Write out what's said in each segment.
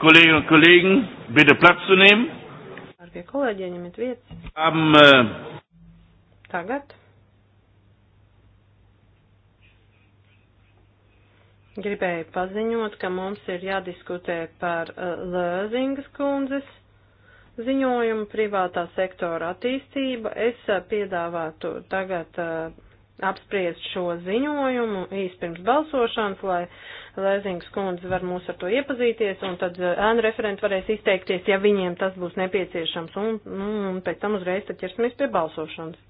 Kolleginnen und Kollegen, bitte Platz zu nehmen. Am, äh, Tagad. Gribēju paziņot, ka mums ir jādiskutē par uh, Lēzingas kundzes ziņojumu privātā sektora attīstība. Es uh, piedāvātu tagad. Uh, apspriest šo ziņojumu īspirms balsošanas, lai Lēzings kundze var mūs ar to iepazīties, un tad eh, ēnu referenti varēs izteikties, ja viņiem tas būs nepieciešams, un, nu, un pēc tam uzreiz tad ķersimies pie balsošanas.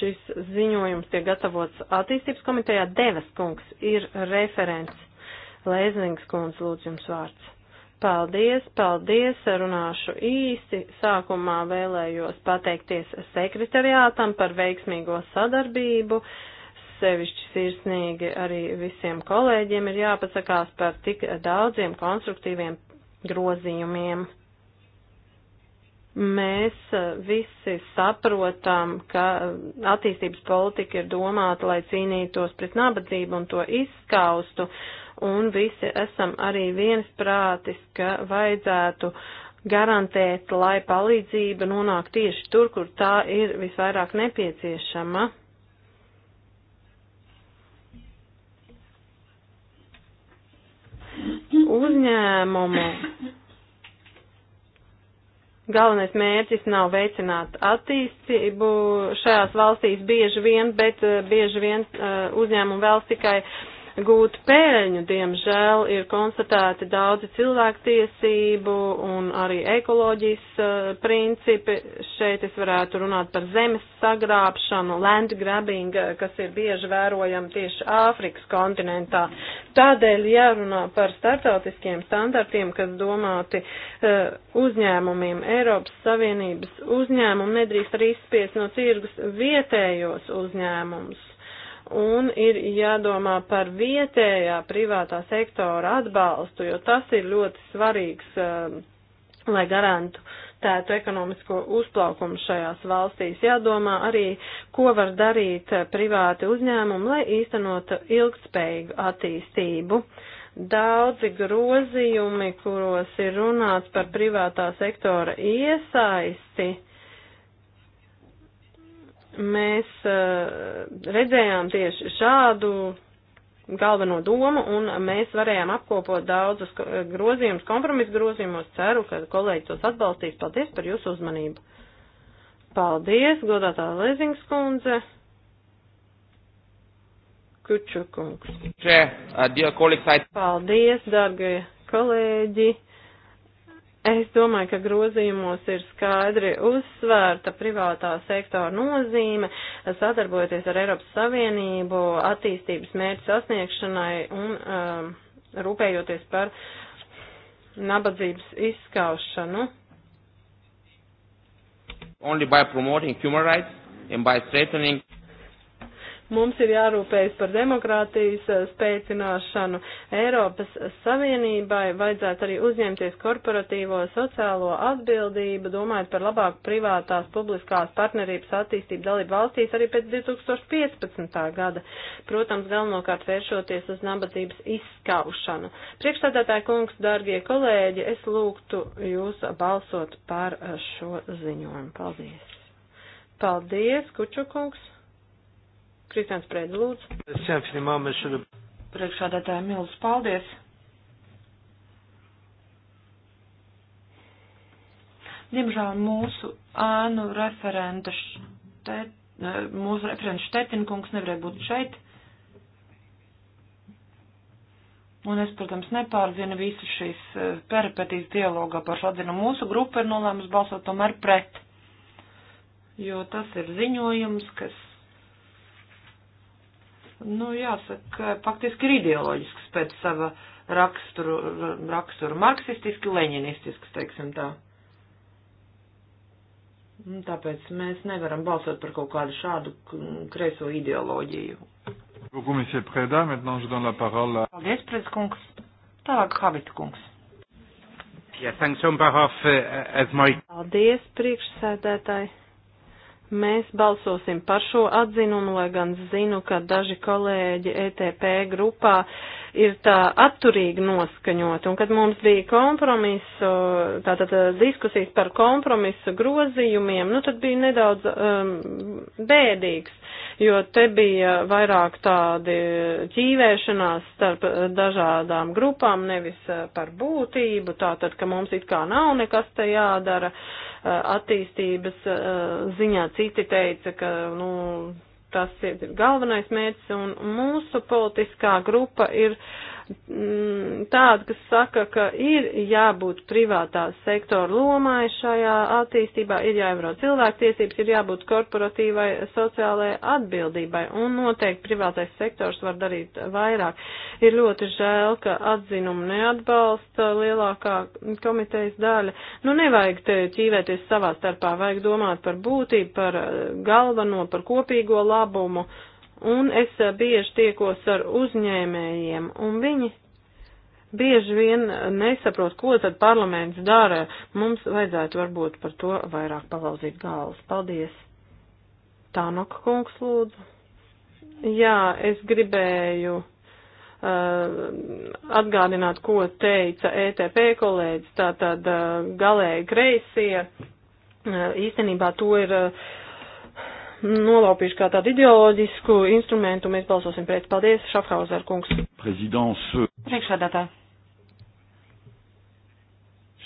Šis ziņojums tiek gatavots attīstības komitejā. Devas kungs ir referents. Lēzings kundze, lūdzu jums vārds. Paldies, paldies, runāšu īsi. Sākumā vēlējos pateikties sekretariātam par veiksmīgo sadarbību. Sevišķi sirsnīgi arī visiem kolēģiem ir jāpasakās par tik daudziem konstruktīviem grozījumiem mēs visi saprotam, ka attīstības politika ir domāta, lai cīnītos pret nabadzību un to izskaustu, un visi esam arī viensprātis, ka vajadzētu garantēt, lai palīdzība nonāk tieši tur, kur tā ir visvairāk nepieciešama. Uzņēmumu galvenais mērķis nav veicināt attīstību šajās valstīs bieži vien, bet eh, bieži vien eh, uzņēmumi vēlas tikai uh, gūt pēļņu, diemžēl, ir konstatēti daudzi cilvēktiesību un arī ekoloģijas uh, principi. Šeit es varētu runāt par zemes sagrābšanu, land grabbing, eh, kas ir bieži vērojama tieši Āfrikas kontinentā. Tādēļ jārunā par startautiskiem standartiem, kas domāti uh, uzņēmumiem. Eiropas Savienības uzņēmumi nedrīkst arī izspies no tirgus vietējos uzņēmumus un ir jādomā par vietējā privātā sektora atbalstu, jo tas ir ļoti svarīgs, um, lai garantu tētu ekonomisko uzplaukumu šajās valstīs. Jādomā arī, ko var darīt privāti uzņēmumi, lai īstenotu ilgspējīgu attīstību. Daudzi grozījumi, kuros ir runāts par privātā sektora iesaisti, mēs uh, redzējām tieši šādu galveno domu, un mēs varējām apkopot daudzus eh, grozījumus, kompromisu grozījumos. Ceru, ka kolēģi tos atbalstīs. Paldies par jūsu uzmanību. Paldies, godātā Lezings kundze. Kučukungs. Uh, Paldies, dargie kolēģi. Es domāju, ka grozījumos ir skaidri uzsvērta privātā sektora nozīme, sadarbojoties ar Eiropas Savienību attīstības mērķu sasniegšanai un um, rūpējoties par nabadzības izskaušanu. Only by promoting human rights and by strengthening Mums ir jārūpējas par demokrātijas eh, spēcināšanu. Eiropas Savienībai vajadzētu arī uzņemties korporatīvo sociālo atbildību, domājot par labāku privātās publiskās partnerības attīstību dalību valstīs arī pēc 2015. gada. Protams, galvenokārt vēršoties uz nabadzības izskaušanu. Priekšstādātāja kungs, dārgie kolēģi, es lūgtu jūs balsot par eh, šo ziņojumu. Paldies! Paldies, Kučukungs! Kristians Prēda, lūdzu. Priekšādātāja Milz, paldies. Diemžēl mūsu ānu referenta štet, eh, mūsu referenta Štetinkungs nevarēja būt šeit. Un es, protams, nepārzinu visu šīs eh, peripetīs dialogā par šo atzinu. Mūsu grupa ir nolēmusi balsot tomēr pret, jo tas ir ziņojums, kas nu, jāsaka, faktiski ir ideoloģisks pēc sava raksturu, raksturu marksistiski, leņinistisks, teiksim tā. Un nu, tāpēc mēs nevaram balsot par kaut kādu šādu kreiso ideoloģiju. Paldies, Preds kungs. Tālāk, Habita kungs. Yeah, thanks on behalf uh, as my... Paldies, priekšsēdētāji. Mēs balsosim par šo atzinumu, lai gan zinu, ka daži kolēģi ETP grupā ir tā atturīgi noskaņot. Un kad mums bija kompromisu, tātad eh, diskusijas par kompromisu grozījumiem, nu tad bija nedaudz um, bēdīgs, jo te bija vairāk tādi ķīvēšanās starp eh, dažādām grupām, nevis eh, par būtību, tātad, ka mums it kā nav nekas te jādara. Uh, Eh, attīstības eh, ziņā. Citi teica, ka, nu, tas ir galvenais mērķis, un mūsu politiskā grupa ir uh, Mm, tāda, kas saka, ka ir jābūt privātā sektora lomai šajā attīstībā, ir jāievēro cilvēktiesības, ir jābūt korporatīvai sociālajai atbildībai, un noteikti privātais sektors var darīt vairāk. Ir ļoti žēl, ka atzinumu neatbalsta lielākā komitejas daļa. Nu, nevajag te ķīvēties savā starpā, vajag domāt par būtību, par galveno, par kopīgo labumu. Uh, un es eh, bieži tiekos ar uzņēmējiem, un viņi bieži vien eh, nesaprot, ko tad parlaments dara. Mums vajadzētu varbūt par to vairāk palauzīt galvas. Paldies! Tānoka kungs lūdzu. Jā, es gribēju eh, atgādināt, ko teica ETP kolēģis, tātad galēji kreisie. Īstenībā to ir nolaupīšu kā tādu ideoloģisku instrumentu, mēs balsosim pret. Paldies, Šafhauser kungs. Prezidents. Uh, Priekšādātā.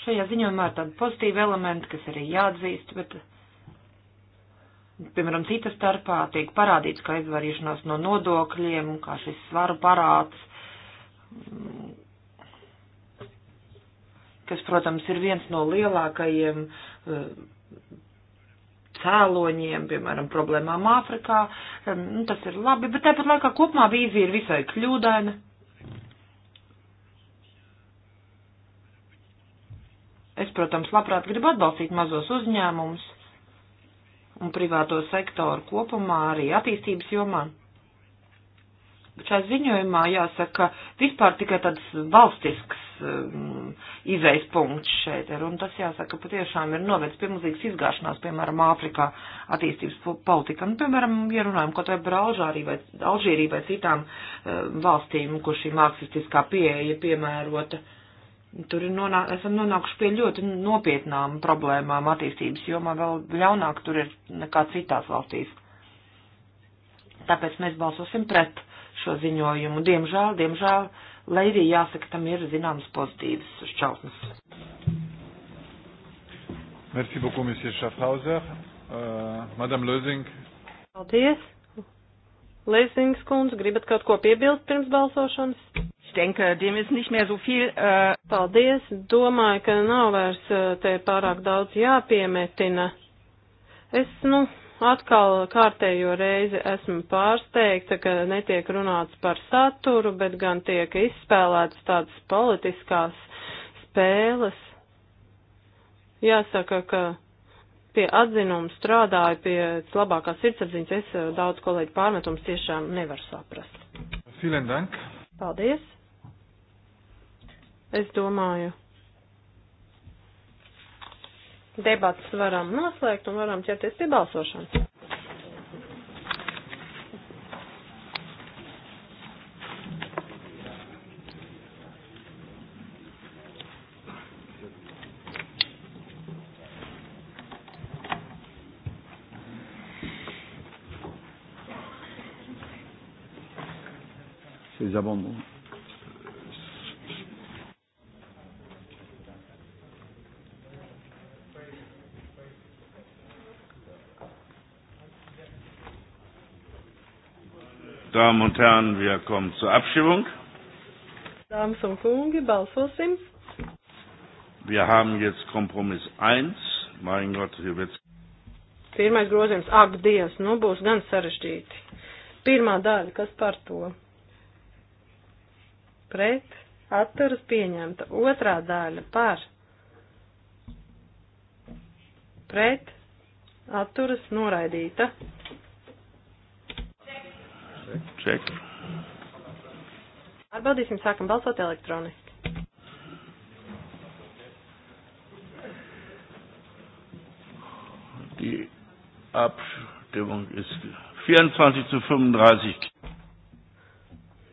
Šajā ziņojumā ir tādi pozitīvi elementi, kas arī jāatzīst, bet, piemēram, cita starpā tiek parādīts, ka aizvarīšanās no nodokļiem, kā šis svaru parāds, kas, protams, ir viens no lielākajiem uh, cēloņiem, piemēram, problēmām Āfrikā. Nu, tas ir labi, bet tāpat laikā kopumā vīzija ir visai kļūdaina. Es, protams, labprāt gribu atbalstīt mazos uzņēmumus un privāto sektoru kopumā arī attīstības jomā. Bet šā ziņojumā jāsaka, ka vispār tikai tāds valstisks Um, izējas punkts šeit ir. Un tas jāsaka, patiešām ir novedis pie milzīgas izgāšanās, piemēram, Āfrikā attīstības politika. Un, nu, piemēram, ja runājam kaut vai par Alžāriju vai Alžīriju vai citām um, valstīm, kur šī marksistiskā pieeja piemērota. Tur nonā, esam nonākuši pie ļoti nopietnām problēmām attīstības jomā, vēl ļaunāk tur ir nekā citās valstīs. Tāpēc mēs balsosim pret šo ziņojumu. Diemžēl, diemžēl, uh, lai arī jāsaka, tam ir zināmas pozitīvas šķautnes. Merci beaucoup, monsieur Schaffhauser. Uh, Madame Lösing. Paldies. Lösings kundze, gribat kaut ko piebilst pirms balsošanas? Ich denke, dem ist nicht mehr so viel. Uh... Paldies. Domāju, ka nav vairs äh, te pārāk daudz jāpiemetina. Es, nu, atkal kārtējo reizi esmu pārsteigta, ka netiek runāts par saturu, bet gan tiek izspēlētas tādas politiskās spēles. Jāsaka, ka pie atzinuma strādāju, pie labākās sirdsapziņas es eh, daudz kolēģi pārmetums tiešām nevaru saprast. Vielen dank. Paldies. Es domāju Debats varam noslēgt un varam ķerties pie balsošanas. les amendements. Damen und Herren, wir kommen zur Abstimmung. Damen und Kungi, balsosim. Wir haben jetzt Kompromiss 1. Mein Gott, hier wird's. Pirmais grozījums, ak, Dievs, nu būs gan sarežģīti. Pirmā daļa, kas par to? Pret, atturas pieņemta. Otrā daļa, par. Pret, atturas noraidīta. Check. Atbaldīsim, sākam balsot elektroniski. Die Abstimmung ist 24 zu 35.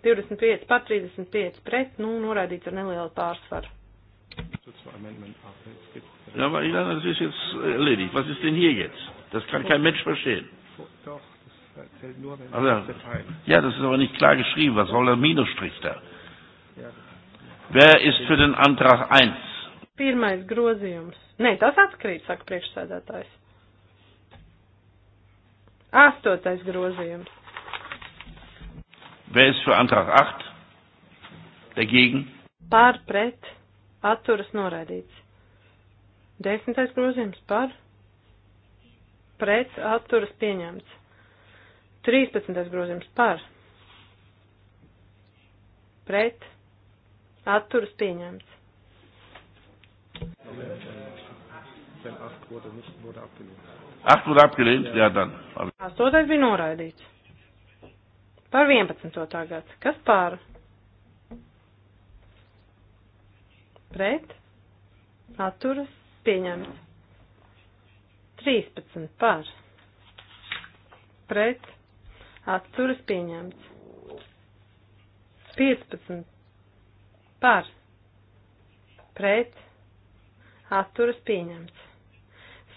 25 par 35 pret, nu, noraidīts ar nelielu pārsvaru. Ja, aber Ilana, das ist jetzt erledigt. Was ist denn hier jetzt? Das kann kein Mensch verstehen. Doch, Also, ja, das ist aber nicht klar geschrieben. Was soll der Minusstrich da? Wer ist für den Antrag 1? Pirmais grozījums. Nē, tas atkrīt, saka priekšsēdētājs. Astotais grozījums. Wer ist für Antrag 8? Dagegen? Par, pret, atturas noraidīts. Desmitais grozījums par, pret, atturas pieņemts. 13. grozījums par, pret, atturas pieņemts. Acht wurde abgelehnt, ja dann. Astotais bija noraidīts. Par 11. tagad. Kas pār? Pret? Atturas? Pieņemts. 13. Pār? Pret? atturas pieņemts. 15 par pret atturas pieņemts.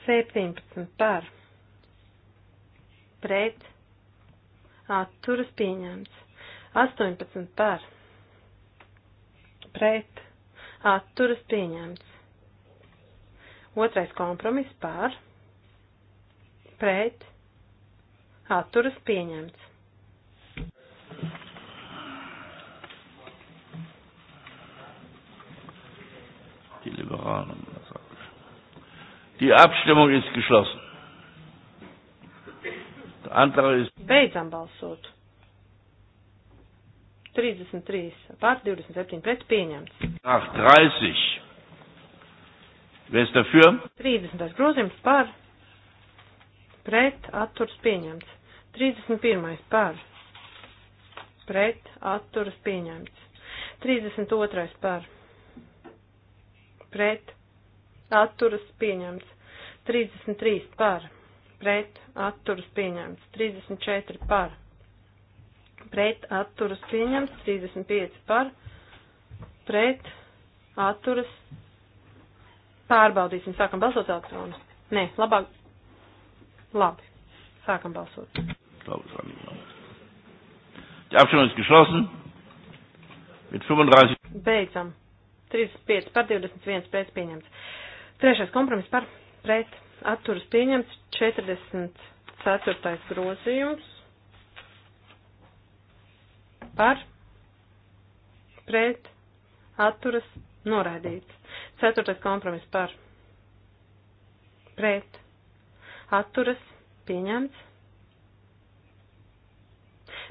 17 par pret atturas pieņemts. 18 par pret atturas pieņemts. Otrais kompromiss par pret atturas pieņemts. Die Liberalen. Die Abstimmung ist geschlossen. Der Antrag ist. Beidzam balsot. 33 pār 27 pret pieņemts. Ach, 30. Wer ist dafür? 30. grozījums pār pret atturas pieņemts. 31. par pret atturas pieņemts. 32. par pret atturas pieņemts. 33 par pret atturas pieņemts. 34 par pret atturas pieņemts. 35 par pret atturas pārbaudīsim. Sākam balsot elektronu. Nē, labāk Labi. Sākam balsot. Die Abstimmung ist geschlossen. Mit 35. Beidzam. 35 par 21 pret pieņemts. Trešais kompromiss par pret atturas pieņemts. 44. grozījums par pret atturas noraidīts. Ceturtais kompromiss par pret atturas pieņemts.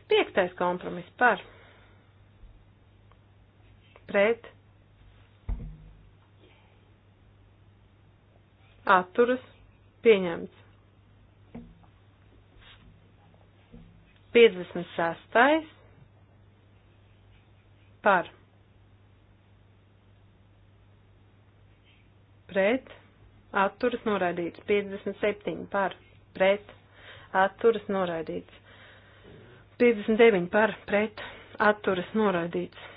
Piektais kompromis par pret atturas pieņemts. 56. par pret atturas noraidīts. 57 par pret atturas noraidīts. 59 par pret atturas noraidīts.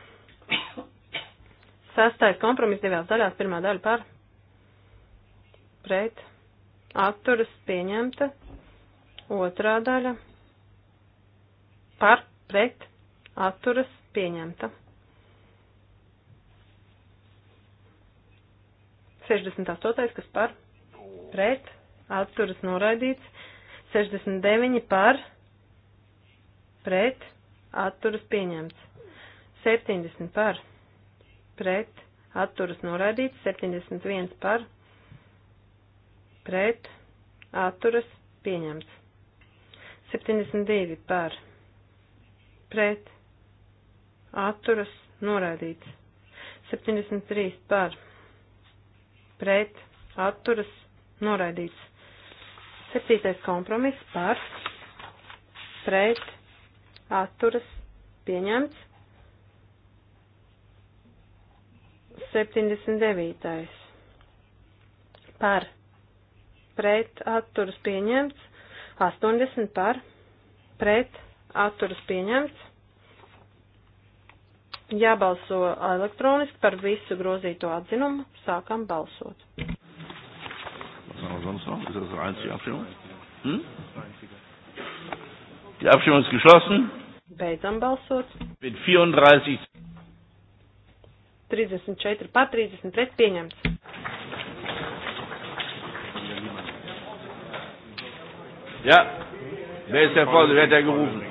Sastais kompromiss divās daļās. Pirmā daļa par pret atturas pieņemta. Otrā daļa par pret atturas pieņemta. 68. kas par pret atturas noraidīts. 69 par pret atturas pieņemts. 70 par pret atturas noraidīts. 71 par pret atturas pieņemts. 72 par pret atturas noraidīts. 73 par pret pret atturas noraidīts. Septītais kompromiss par pret atturas pieņemts. 79. par pret atturas pieņemts. 80 par pret atturas pieņemts. Jābalso elektroniski par visu grozīto atzinumu. Sākam balsot. Die Abstimmung ist geschlossen. Beidzam balsot. Mit 34. 34 par 30 pret pieņemts. Ja, wer ist der Vorsitzende? Wer hat der gerufen?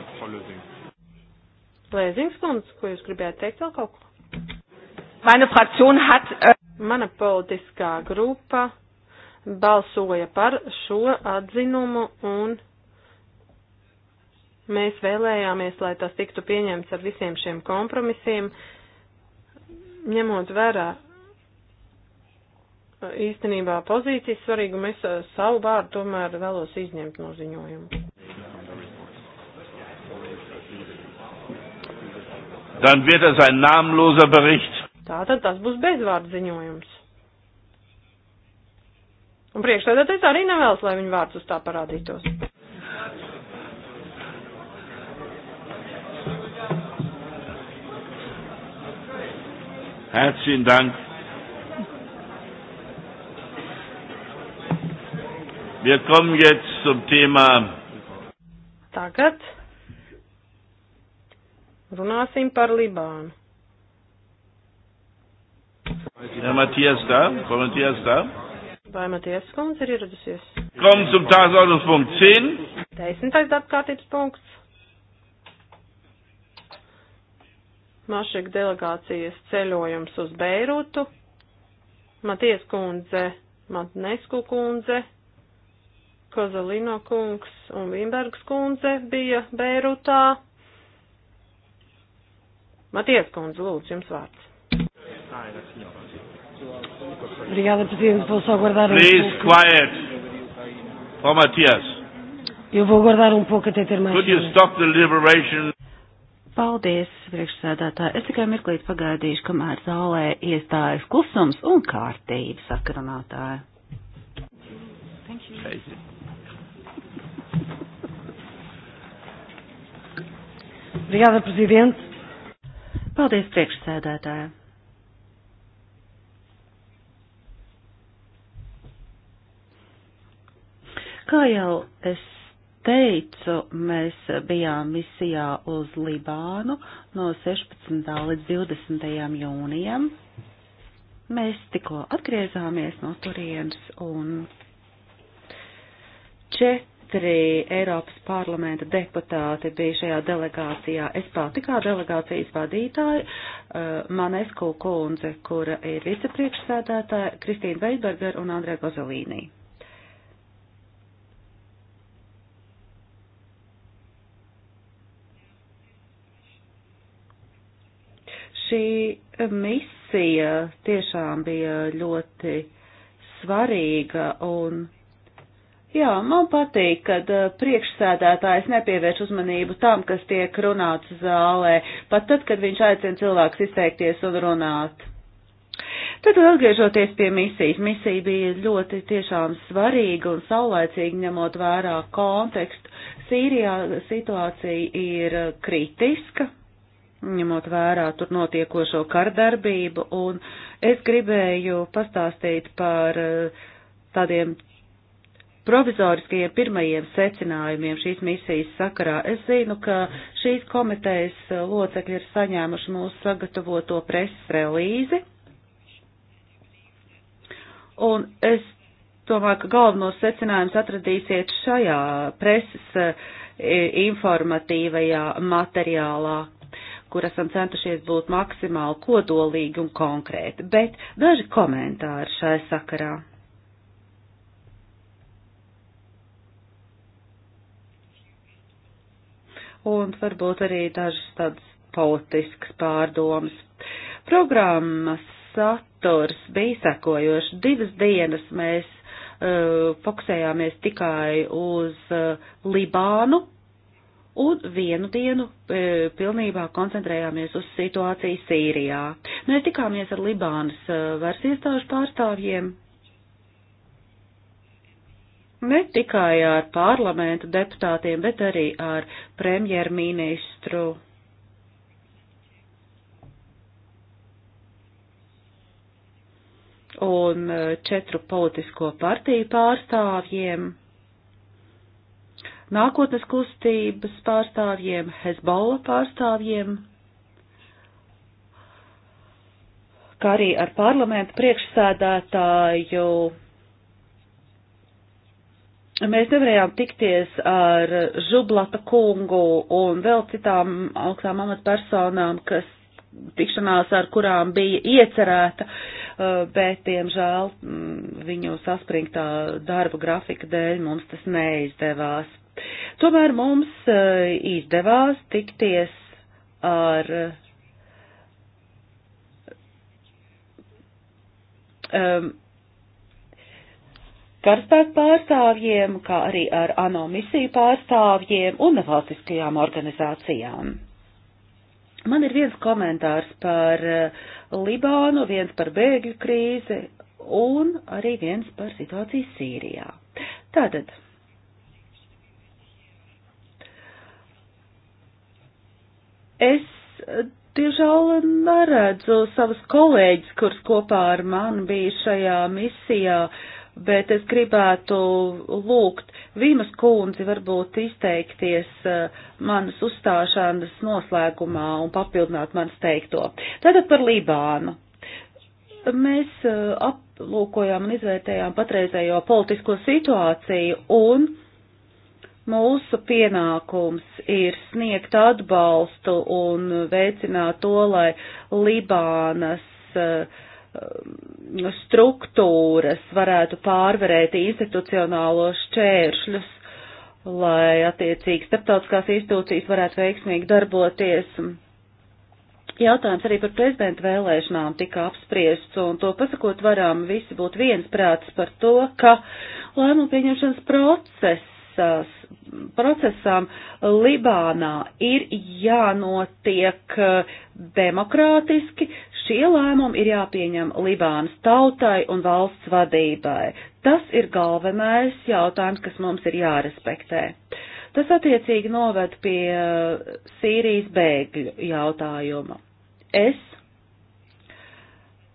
Lēzingskundze, ko jūs gribējāt teikt vēl kaut ko? Mana frakcija hat. Äh, Mana politiskā grupa balsoja par šo atzinumu un mēs vēlējāmies, lai tas tiktu pieņemts ar visiem šiem kompromisiem, ņemot vērā uh, īstenībā pozīcijas svarīgu, mēs uh, savu vārdu tomēr vēlos izņemt no ziņojuma. dann wird es ein namenloser Bericht. Tātad tas būs bezvārds ziņojums. Un priekšstādātais arī nevēlas, lai viņa vārds uz tā parādītos. Herzlichen Dank. Wir kommen jetzt zum Thema. Tagad Runāsim par Libānu. Ja Matijas da, vai Matijas da? Vai Matijas skundze ir ieradusies? Kom zum Tagesordnungspunkt 10. Desmitais darbkārtības punkts. Mašek delegācijas ceļojums uz Beirutu. Matijas kundze, Matnesku kundze, Kozalino kungs un Vimbergs kundze bija Beirutā. Matias Kundze, lūdzu, jums vārds. Obrigada, Presidente. Vou só guardar um Please, pouco. quiet. For oh, Matias. Eu vou guardar um pouco até ter mais. Could you stop the liberation? Paldies, priekšsēdētāji. Es tikai mirklīt pagaidīšu, kamēr zālē iestājas klusums un kārtība sakarunātāja. Thank you. Thank you. Obrigada, Presidente. Paldies priekšsēdētājai! Kā jau es teicu, mēs bijām misijā uz Libānu no 16. līdz 20. jūnijam. Mēs tikko atgriezāmies no turienes un četri četri Eiropas parlamenta deputāti bija šajā delegācijā. Es pati kā delegācijas vadītāja, eh, Manesku kundze, kura ir vicepriekšsēdētāja, Kristīna Veidberger un Andrē Gozelīnī. Šī misija tiešām bija ļoti svarīga un Jā, man patīk, kad uh, priekšsēdētājs nepievērš uzmanību tam, kas tiek runāts zālē, pat tad, kad viņš aicina cilvēks izteikties un runāt. Tad atgriežoties pie misijas, misija bija ļoti tiešām svarīga un saulēcīga, ņemot vērā kontekstu. Sīrijā situācija ir uh, kritiska, ņemot vērā tur notiekošo kardarbību, un es gribēju pastāstīt par uh, tādiem provizoriskajiem pirmajiem secinājumiem šīs misijas sakarā. Es zinu, ka šīs komitejas locekļi ir saņēmuši mūsu sagatavoto preses relīzi. Un es domāju, ka galvenos secinājumus atradīsiet šajā preses e, informatīvajā materiālā kur esam centušies būt maksimāli kodolīgi un konkrēti, bet daži komentāri šai sakarā. un varbūt arī dažas tādas politiskas pārdomas. Programmas saturs bija sekojoši. Divas dienas mēs uh, fokusējāmies tikai uz uh, Libānu un vienu dienu e, pilnībā koncentrējāmies uz situāciju Sīrijā. Mēs tikāmies ar Libānas e, varas iestāžu pārstāvjiem, ne tikai ar parlamentu deputātiem, bet arī ar premjerministru. un eh, četru politisko partiju pārstāvjiem, nākotnes kustības pārstāvjiem, Hezbollah pārstāvjiem, kā arī ar parlamentu priekšsēdētāju Mēs nevarējām tikties ar Žublata kungu un vēl citām augstām amatpersonām, kas tikšanās ar kurām bija iecerēta, eh, bet, diemžēl, mm, viņu saspringtā darba grafika dēļ mums tas neizdevās. Tomēr mums eh, izdevās tikties ar um, karstāk pārstāvjiem, kā arī ar ANO misiju pārstāvjiem un nevalstiskajām organizācijām. Man ir viens komentārs par eh, Libānu, viens par bēgļu krīzi un arī viens par situāciju Sīrijā. Tātad. Es eh, Diemžēl neredzu savus kolēģis, kurš kopā ar mani bija šajā misijā, bet es gribētu lūgt Vīmas kundzi varbūt izteikties eh, manas uzstāšanas noslēgumā un papildināt manas teikto. Tātad par Libānu. Mēs eh, aplūkojām un izvērtējām patreizējo politisko situāciju un mūsu pienākums ir sniegt atbalstu un veicināt to, lai Libānas uh, Um, struktūras varētu pārvarēt institucionālos šķēršļus, lai attiecīgi starptautiskās institūcijas varētu veiksmīgi darboties. Jautājums arī par prezidenta vēlēšanām tika apspriests, un to pasakot varam visi būt viensprāts par to, ka lēmumu pieņemšanas process tiesas procesam Libānā ir jānotiek eh, demokrātiski, šie lēmumi ir jāpieņem Libānas tautai un valsts vadībai. Tas ir galvenais jautājums, kas mums ir jārespektē. Tas attiecīgi noved pie eh, Sīrijas bēgļu jautājuma. Es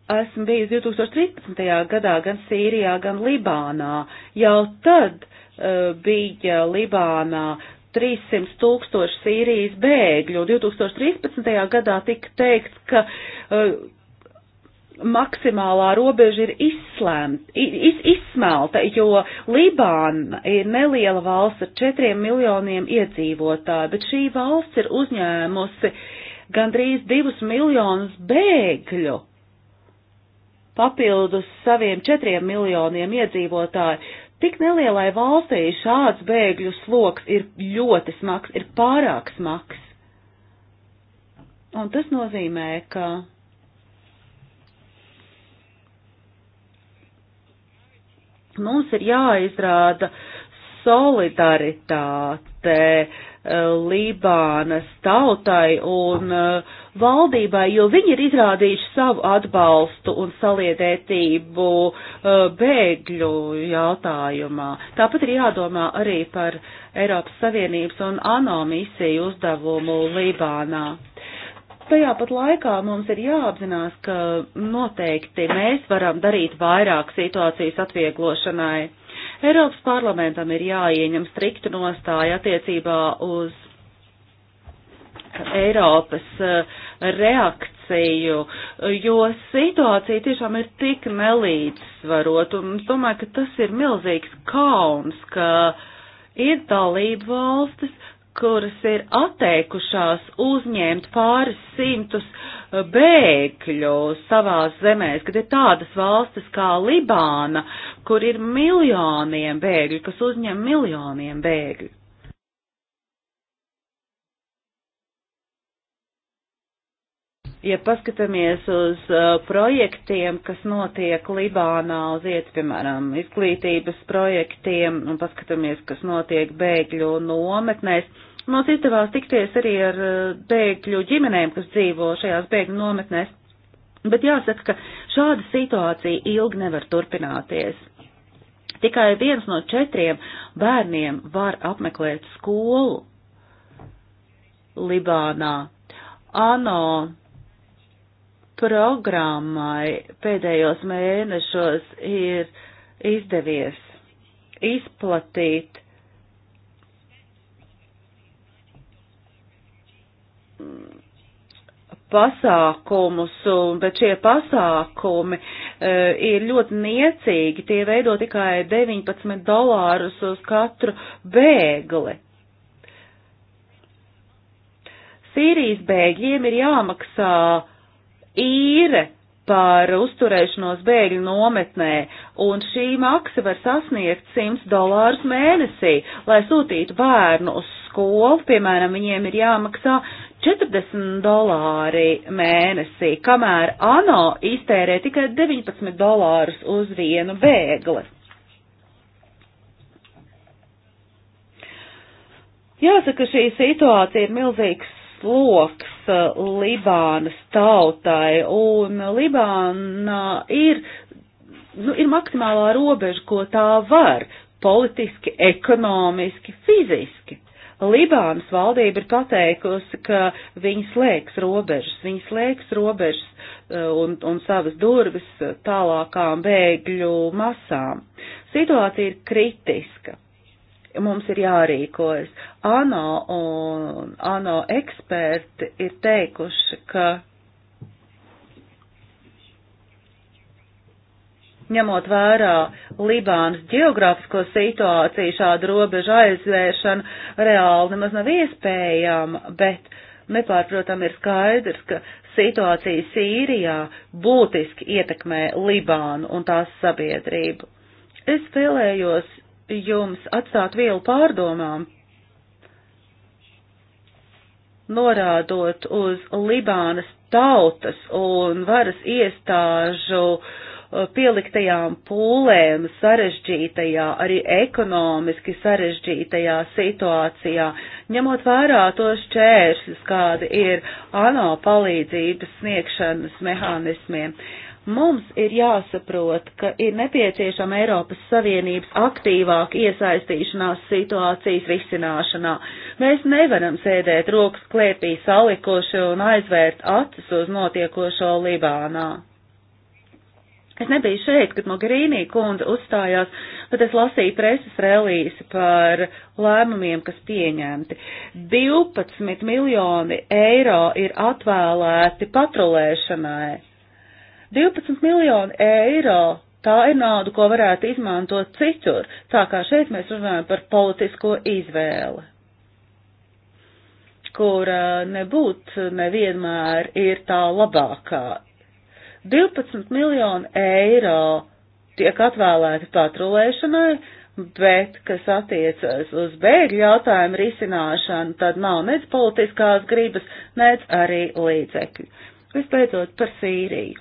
esmu bijusi 2013. gadā gan Sīrijā, gan Libānā. Jau tad Eh, bija Libānā 300 tūkstoši Sīrijas bēgļu. 2013. gadā tika teikts, ka eh, maksimālā robeža ir izslēmt, iz, izsmelta, jo Libāna ir neliela valsts ar 4 miljoniem iedzīvotāju, bet šī valsts ir uzņēmusi gandrīz 2 miljonus bēgļu papildus saviem 4 miljoniem iedzīvotāju. Tik nelielai valstī šāds bēgļu sloks ir ļoti smags, ir pārāk smags. Un tas nozīmē, ka mums ir jāizrāda solidaritāte jāgarantē eh, Lībānas tautai un eh, valdībai, jo viņi ir izrādījuši savu atbalstu un saliedētību eh, bēgļu jautājumā. Tāpat ir jādomā arī par Eiropas Savienības un ANO misiju uzdevumu Lībānā tajā pat laikā mums ir jāapzinās, ka noteikti mēs varam darīt vairāk situācijas atvieglošanai. Eiropas parlamentam ir jāieņem strikta nostāja attiecībā uz Eiropas eh, reakciju, jo situācija tiešām ir tik nelīdzsvarot, un es domāju, ka tas ir milzīgs kauns, ka ir dalība valstis, kuras ir atteikušās uzņemt pāris simtus uh, bēgļu savās zemēs, kad ir tādas valstis kā Libāna, kur ir miljoniem bēgļu, kas uzņem miljoniem bēgļu. Ja paskatāmies uz uh, projektiem, kas notiek Libānā, uz iet, piemēram, izglītības projektiem, un paskatāmies, kas notiek bēgļu nometnēs, Mums izdevās tikties arī ar eh, bēgļu ģimenēm, kas dzīvo šajās bēgļu nometnēs. Bet jāsaka, ka šāda situācija ilgi nevar turpināties. Tikai viens no četriem bērniem var apmeklēt skolu Libānā. ANO programmai pēdējos mēnešos ir izdevies izplatīt pasākumus, bet šie pasākumi e, ir ļoti niecīgi, tie veido tikai 19 dolārus uz katru bēgli. Sīrijas bēgļiem ir jāmaksā īre par uzturēšanos bēgļu nometnē, un šī maksa var sasniegt 100 dolārus mēnesī, lai sūtītu bērnu uz skolu, piemēram, viņiem ir jāmaksā 40 dolāri mēnesī, kamēr ANO iztērē tikai 19 dolārus uz vienu bēgli. Jāsaka, šī situācija ir milzīgs sloks uh, Libānas tautai, un Libāna ir, nu, ir maksimālā robeža, ko tā var politiski, ekonomiski, fiziski. Libānas valdība ir pateikusi, ka viņi slēgs robežas, viņi slēgs robežas uh, un, un savas durvis tālākām bēgļu masām. Situācija ir kritiska. Mums ir jārīkojas. ANO un ANO eksperti ir teikuši, ka ņemot vērā Libānas geogrāfisko situāciju, šāda robeža aizvēršana reāli nemaz nav iespējama, bet nepārprotam ir skaidrs, ka situācija Sīrijā būtiski ietekmē Libānu un tās sabiedrību. Es vēlējos jums atstāt vielu pārdomām, norādot uz Libānas tautas un varas iestāžu uh, Uh, pieliktajām pūlēm sarežģītajā, arī ekonomiski sarežģītajā situācijā, ņemot vērā tos čēršļus, kādi ir ANO palīdzības sniegšanas mehānismiem. Mums ir jāsaprot, ka ir nepieciešama Eiropas Savienības aktīvāka iesaistīšanās situācijas risināšanā. Mēs nevaram sēdēt rokas klēpī salikuši un aizvērt acis uz notiekošo Libānā. Es nebiju šeit, kad Mogherīnī kundze uzstājās, bet es lasīju preses relīzi par lēmumiem, kas pieņemti. 12 miljoni eiro ir atvēlēti patrulēšanai. 12 miljoni eiro Tā ir nauda, ko varētu izmantot citur, tā kā šeit mēs runājam par politisko izvēli, kur eh, nebūt nevienmēr ir tā labākā 12 miljoni eiro tiek atvēlēti patrulēšanai, bet, kas attiecas uz bēgļu jautājumu risināšanu, tad nav nec politiskās gribas, nec arī līdzekļu. Vispēcot par Sīriju.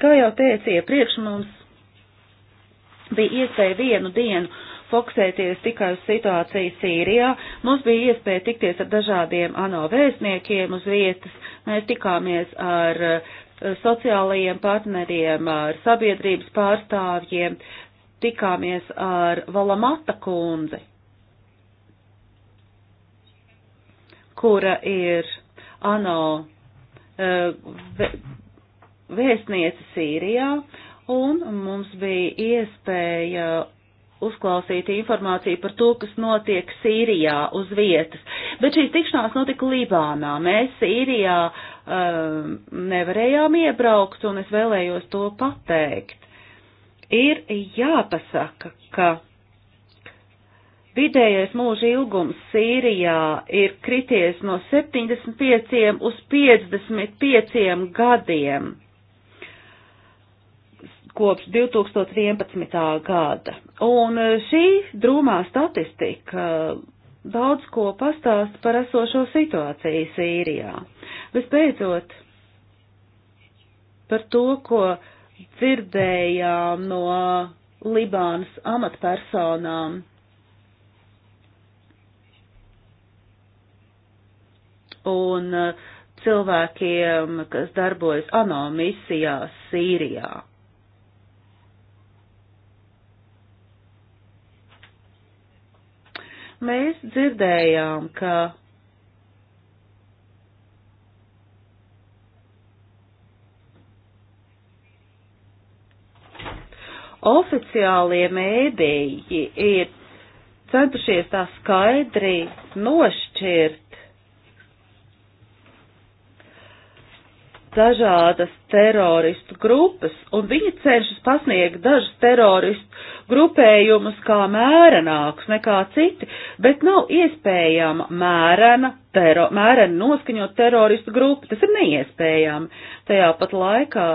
Kā jau teicu, iepriekš mums bija iespēja vienu dienu fokusēties tikai uz situāciju Sīrijā. Mums bija iespēja tikties ar dažādiem ANO vēstniekiem uz vietas. Mēs tikāmies ar eh, sociālajiem partneriem, ar sabiedrības pārstāvjiem, tikāmies ar Valamata kundzi, kura ir ANO eh, vēstniece Sīrijā, un mums bija iespēja uzklausīt informāciju par to, kas notiek Sīrijā uz vietas. Bet šīs tikšanās notika Libānā. Mēs Sīrijā um, nevarējām iebraukt, un es vēlējos to pateikt. Ir jāpasaka, ka vidējais mūža ilgums Sīrijā ir krities no 75 uz 55 gadiem kopš 2011. gada. Un e, šī drūmā statistika e, daudz ko pastāst par esošo situāciju Sīrijā. Vispēcot par to, ko dzirdējām no Libānas amatpersonām. Un e, cilvēkiem, kas darbojas ANO misijās Sīrijā. Mēs dzirdējām, ka oficiālie mēdīji ir centušies tā skaidri nošķirt dažādas teroristu grupas, un viņi cenšas pasniegt dažus teroristu grupējumus kā mērenākus nekā citi, bet nav iespējama mērena, tero, mērena noskaņot teroristu grupu. Tas ir neiespējami. Tajā pat laikā,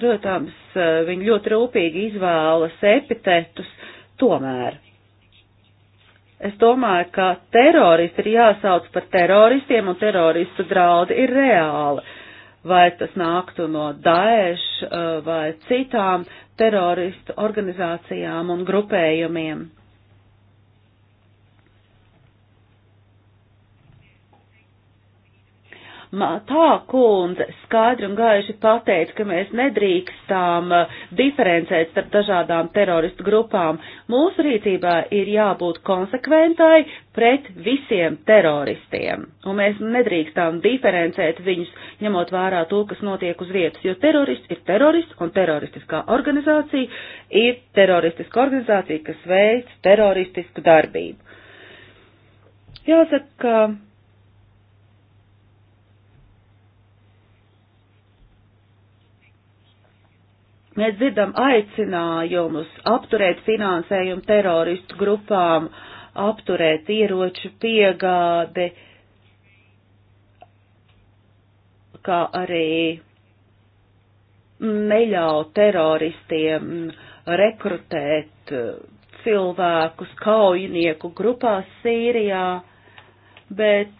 protams, eh, viņi ļoti rūpīgi izvēlas epitetus tomēr. Es domāju, ka teroristi ir jāsauc par teroristiem un teroristu draudi ir reāli. Vai tas nāktu no Daesh uh, vai citām teroristu organizācijām un grupējumiem. tā kundze skaidri un gaiši pateica, ka mēs nedrīkstām uh, diferencēt starp dažādām teroristu grupām. Mūsu rīcībā ir jābūt konsekventai pret visiem teroristiem, un mēs nedrīkstām diferencēt viņus, ņemot vērā to, kas notiek uz vietas, jo terorists ir terorists, un teroristiskā organizācija ir teroristiska organizācija, kas veids teroristisku darbību. Jāsaka, ka Mēs dzirdam aicinājumus apturēt finansējumu teroristu grupām, apturēt ieroču piegādi, kā arī neļaut teroristiem rekrutēt uh, cilvēkus kaujinieku grupās Sīrijā, bet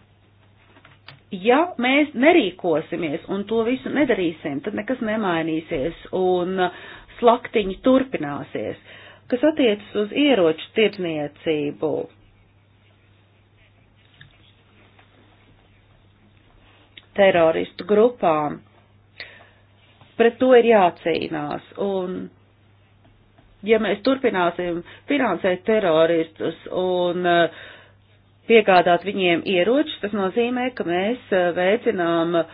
ja mēs nerīkosimies un to visu nedarīsim, tad nekas nemainīsies un slaktiņi turpināsies. Kas attiecas uz ieroču tirdzniecību? Teroristu grupām. Pret to ir jācīnās, un ja mēs turpināsim finansēt teroristus un uh, piegādāt viņiem ieročus, tas nozīmē, ka mēs eh, veicinām eh,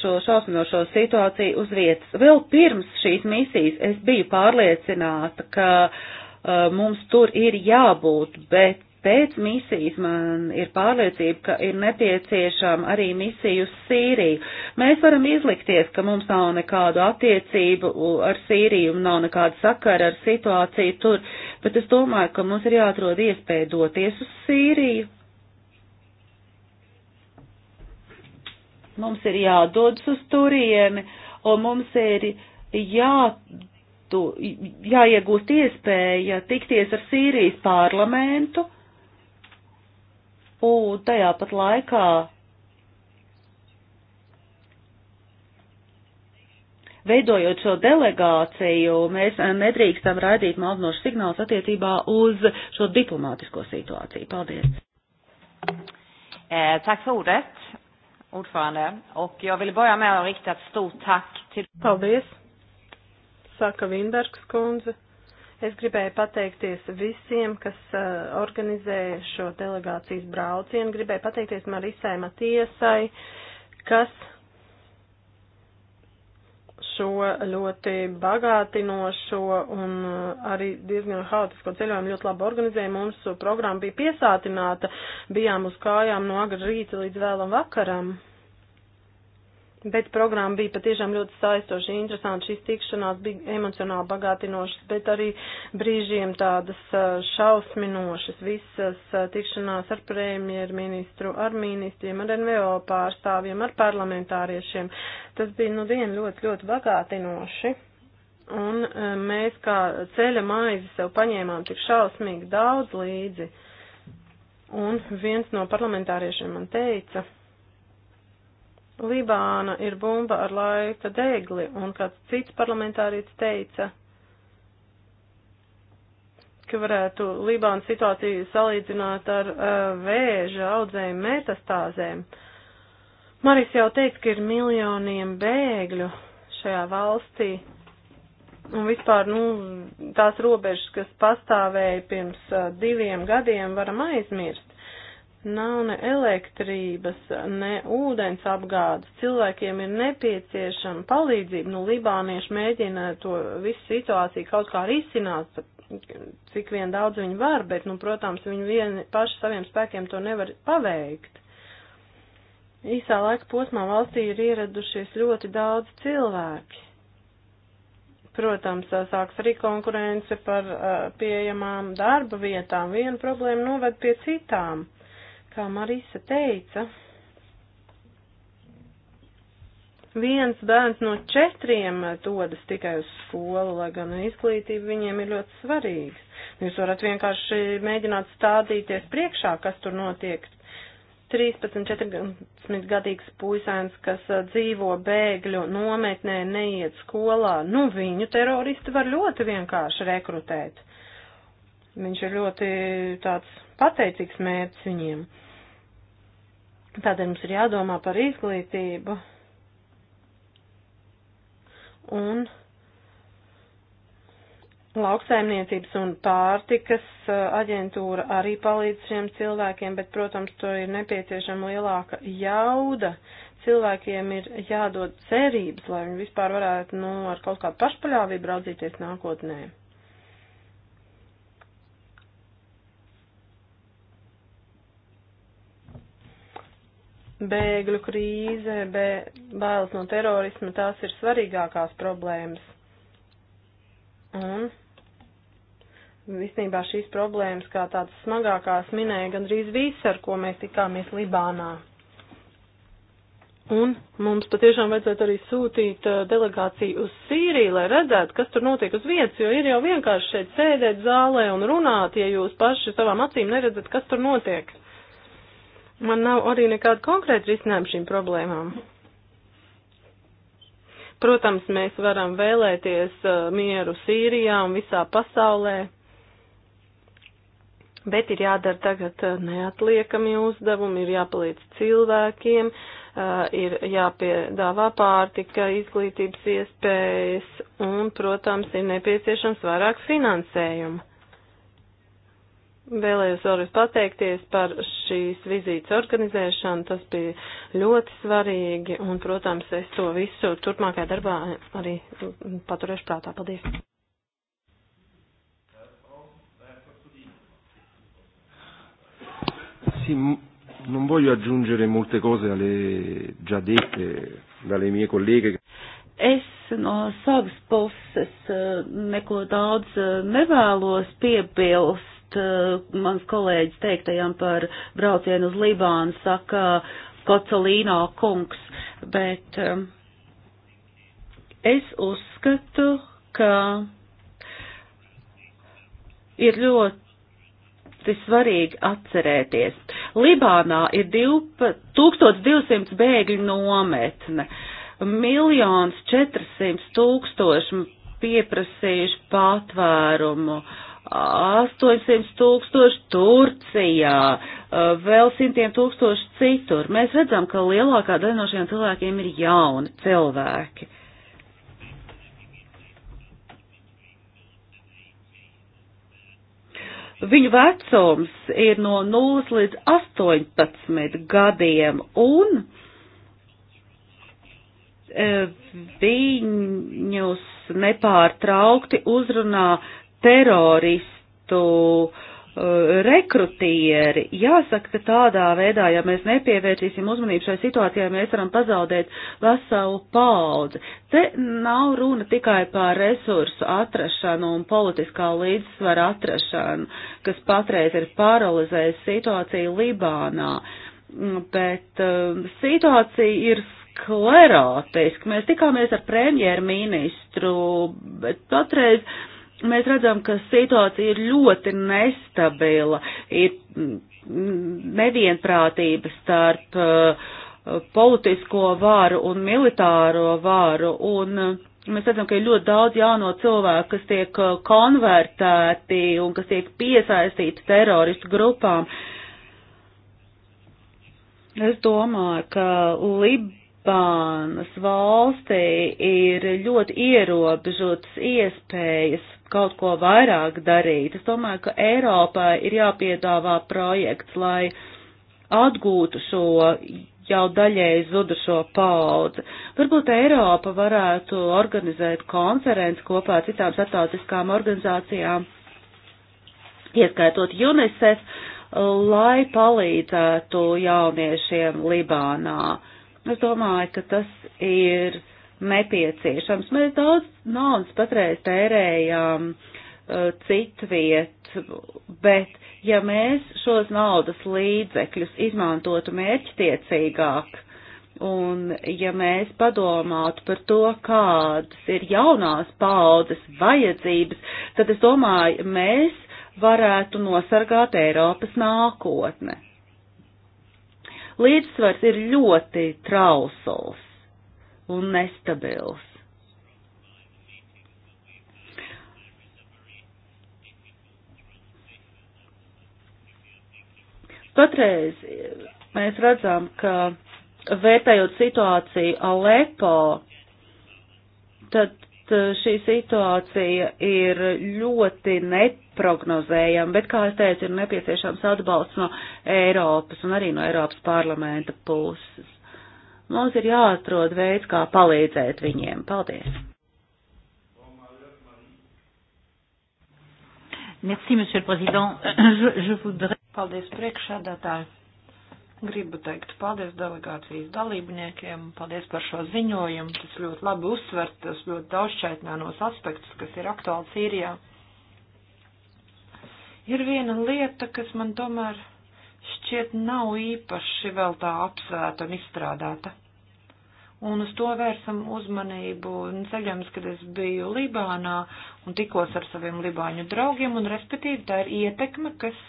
šo šausminošo situāciju uz vietas. Vēl pirms šīs misijas es biju pārliecināta, ka eh, mums tur ir jābūt, bet Pēc misijas man ir pārliecība, ka ir nepieciešama arī misija uz Sīriju. Mēs varam izlikties, ka mums nav nekādu attiecību ar Sīriju, nav nekāda sakara ar situāciju tur, bet es domāju, ka mums ir jāatrod iespēja doties uz Sīriju. Mums ir jādodas uz turieni, un mums ir jādodas tu jāiegūst iespēja tikties ar Sīrijas parlamentu Un tajā pat laikā veidojot šo delegāciju, mēs eh, nedrīkstam raidīt maldinošu signālus attiecībā uz šo diplomātisko situāciju. Paldies! Eh, tack för ordet, ordförande. Och jag vill börja med att rikta ett stort tack till... Paldies! Saka Vinbergs kundze. Es gribēju pateikties visiem, kas uh, organizēja šo delegācijas braucienu. Gribēju pateikties Marisai Matiesai, kas šo ļoti bagātinošo un uh, arī diezgan haotisko ceļojumu ļoti labi organizēja. Mums programma bija piesātināta, bijām uz kājām no agra rīta līdz vēlam vakaram. Bet programma bija patiešām ļoti saistoša, interesanta. Šīs tikšanās bija emocionāli bagātinošas, bet arī brīžiem tādas šausminošas. Visas tikšanās ar premjerministru, ar ministriem, ar NVO pārstāvjiem, ar parlamentāriešiem. Tas bija nu dienu ļoti, ļoti bagātinoši. Un mēs kā ceļa maizi sev paņēmām tik šausmīgi daudz līdzi. Un viens no parlamentāriešiem man teica, Libāna ir bumba ar laika degli, un kāds cits parlamentārīts teica, ka varētu Libāna situāciju salīdzināt ar uh, vēža audzējumu metastāzēm. Maris jau teica, ka ir miljoniem bēgļu šajā valstī, un vispār, nu, tās robežas, kas pastāvēja pirms uh, diviem gadiem, varam aizmirst nav ne elektrības, ne ūdens apgādes. Cilvēkiem ir nepieciešama palīdzība. Nu, libānieši mēģina to visu situāciju kaut kā risināt, cik vien daudz viņi var, bet, nu, protams, viņi vien paši saviem spēkiem to nevar paveikt. Īsā laika posmā valstī ir ieradušies ļoti daudz cilvēki. Protams, sāks arī konkurence par pieejamām darba vietām. Viena problēma noved pie citām. Kā Marisa teica, viens bērns no četriem dodas tikai uz skolu, lai gan izglītība viņiem ir ļoti svarīga. Jūs varat vienkārši mēģināt stādīties priekšā, kas tur notiek. 13, 14 gadīgs puisēns, kas uh, dzīvo bēgļu nometnē, neiet skolā, nu viņu teroristi var ļoti vienkārši rekrutēt. Viņš ir ļoti tāds pateicīgs mērķis viņiem. Uh, Tādēļ mums ir jādomā par izglītību un lauksaimniecības un pārtikas uh, aģentūra arī palīdz šiem cilvēkiem, bet, protams, tur ir nepieciešama lielāka jauda. Cilvēkiem ir jādod cerības, lai viņi vispār varētu, nu, ar kaut kādu pašpaļāvību raudzīties nākotnē. bēgļu krīze, bē, bailes no terorisma, tās ir svarīgākās problēmas. Un visnībā šīs problēmas, kā tādas smagākās, minēja gandrīz viss, ar ko mēs tikāmies Libānā. Un mums patiešām vajadzētu arī sūtīt uh, delegāciju uz Sīriju, lai redzētu, kas tur notiek uz vietas, jo ir jau vienkārši šeit sēdēt zālē un runāt, ja jūs paši savām acīm neredzat, kas tur notiek. Man nav arī nekāda konkrēta risinājuma šīm problēmām. Protams, mēs varam vēlēties uh, mieru Sīrijā un visā pasaulē, bet ir jādara tagad uh, neatliekami uzdevumi, ir jāpalīdz cilvēkiem, uh, ir jāpiedāvā pārtika, izglītības iespējas un, protams, ir nepieciešams vairāk finansējumu. Vēlējos vēlreiz pateikties par šīs vizītes organizēšanu, tas bija ļoti svarīgi, un, protams, es to visu turpmākajā darbā arī paturēšu prātā. Paldies! Sì, non voglio aggiungere molte cose alle già dette dalle mie colleghe. Es no savas puses eh, neko daudz eh, nevēlos piebilst piekrist uh, eh, mans kolēģis teiktajam par braucienu uz Libānu, saka Kocelīno kungs, bet um, es uzskatu, ka ir ļoti svarīgi atcerēties. Libānā ir 1200 bēgļu nometne, 1 400 tūkstoši pieprasījuši patvērumu. Uh, 800 tūkstoši Turcijā, vēl simtiem tūkstoši citur. Mēs redzam, ka lielākā daļa no šiem cilvēkiem ir jauni cilvēki. Viņu vecums ir no 0 līdz 18 gadiem, un viņus nepārtraukti uzrunā teroristu uh, rekrutieri. Jāsaka, ka tādā veidā, ja mēs nepievērsīsim uzmanību šai situācijai, mēs varam pazaudēt veselu paudzi. Te nav runa tikai par resursu atrašanu un politiskā līdzsvara atrašanu, kas patreiz ir paralizējis situāciju Libānā, mm, bet uh, situācija ir sklerātiski. Mēs tikāmies ar premjerministru, bet patreiz mēs redzam, ka situācija ir ļoti nestabila, ir nevienprātība starp uh, politisko varu un militāro varu, un uh, mēs redzam, ka ir ļoti daudz jauno cilvēku, kas tiek uh, konvertēti un kas tiek piesaistīti teroristu grupām. Es domāju, ka Lib Japānas valstī ir ļoti ierobežotas iespējas kaut ko vairāk darīt. Es domāju, ka Eiropai ir jāpiedāvā projekts, lai atgūtu šo jau daļēji zudušo paudzi. Varbūt Eiropa varētu organizēt konferenci kopā ar citām starptautiskām organizācijām, ieskaitot UNICEF, lai palīdzētu jauniešiem Libānā. Es domāju, ka tas ir nepieciešams. Mēs daudz naudas patreiz tērējām uh, citviet, bet ja mēs šos naudas līdzekļus izmantotu mērķtiecīgāk, un ja mēs padomātu par to, kādas ir jaunās paudzes vajadzības, tad es domāju, mēs varētu nosargāt Eiropas nākotne līdzsvars ir ļoti trausls un nestabils. Patreiz mēs redzam, ka vērtējot situāciju Alepo, tad eh, šī situācija ir ļoti net prognozējam, bet, kā es teicu, ir nepieciešams atbalsts no Eiropas un arī no Eiropas parlamenta puses. Mums ir jāatrod veids, kā palīdzēt viņiem. Paldies! Merci, Monsieur le Président. Je, je voudrais... Paldies priekšsādātāji. Gribu teikt paldies delegācijas dalībniekiem, paldies par šo ziņojumu. Tas ļoti labi uzsver, tas ļoti daudzšķaitnēnos aspektus, kas ir aktuāli Sīrijā. Ir viena lieta, kas man tomēr šķiet nav īpaši vēl tā apsvērta un izstrādāta. Un uz to vērsam uzmanību ceļojums, kad es biju Libānā un tikos ar saviem libāņu draugiem, un respektīvi tā ir ietekme, kas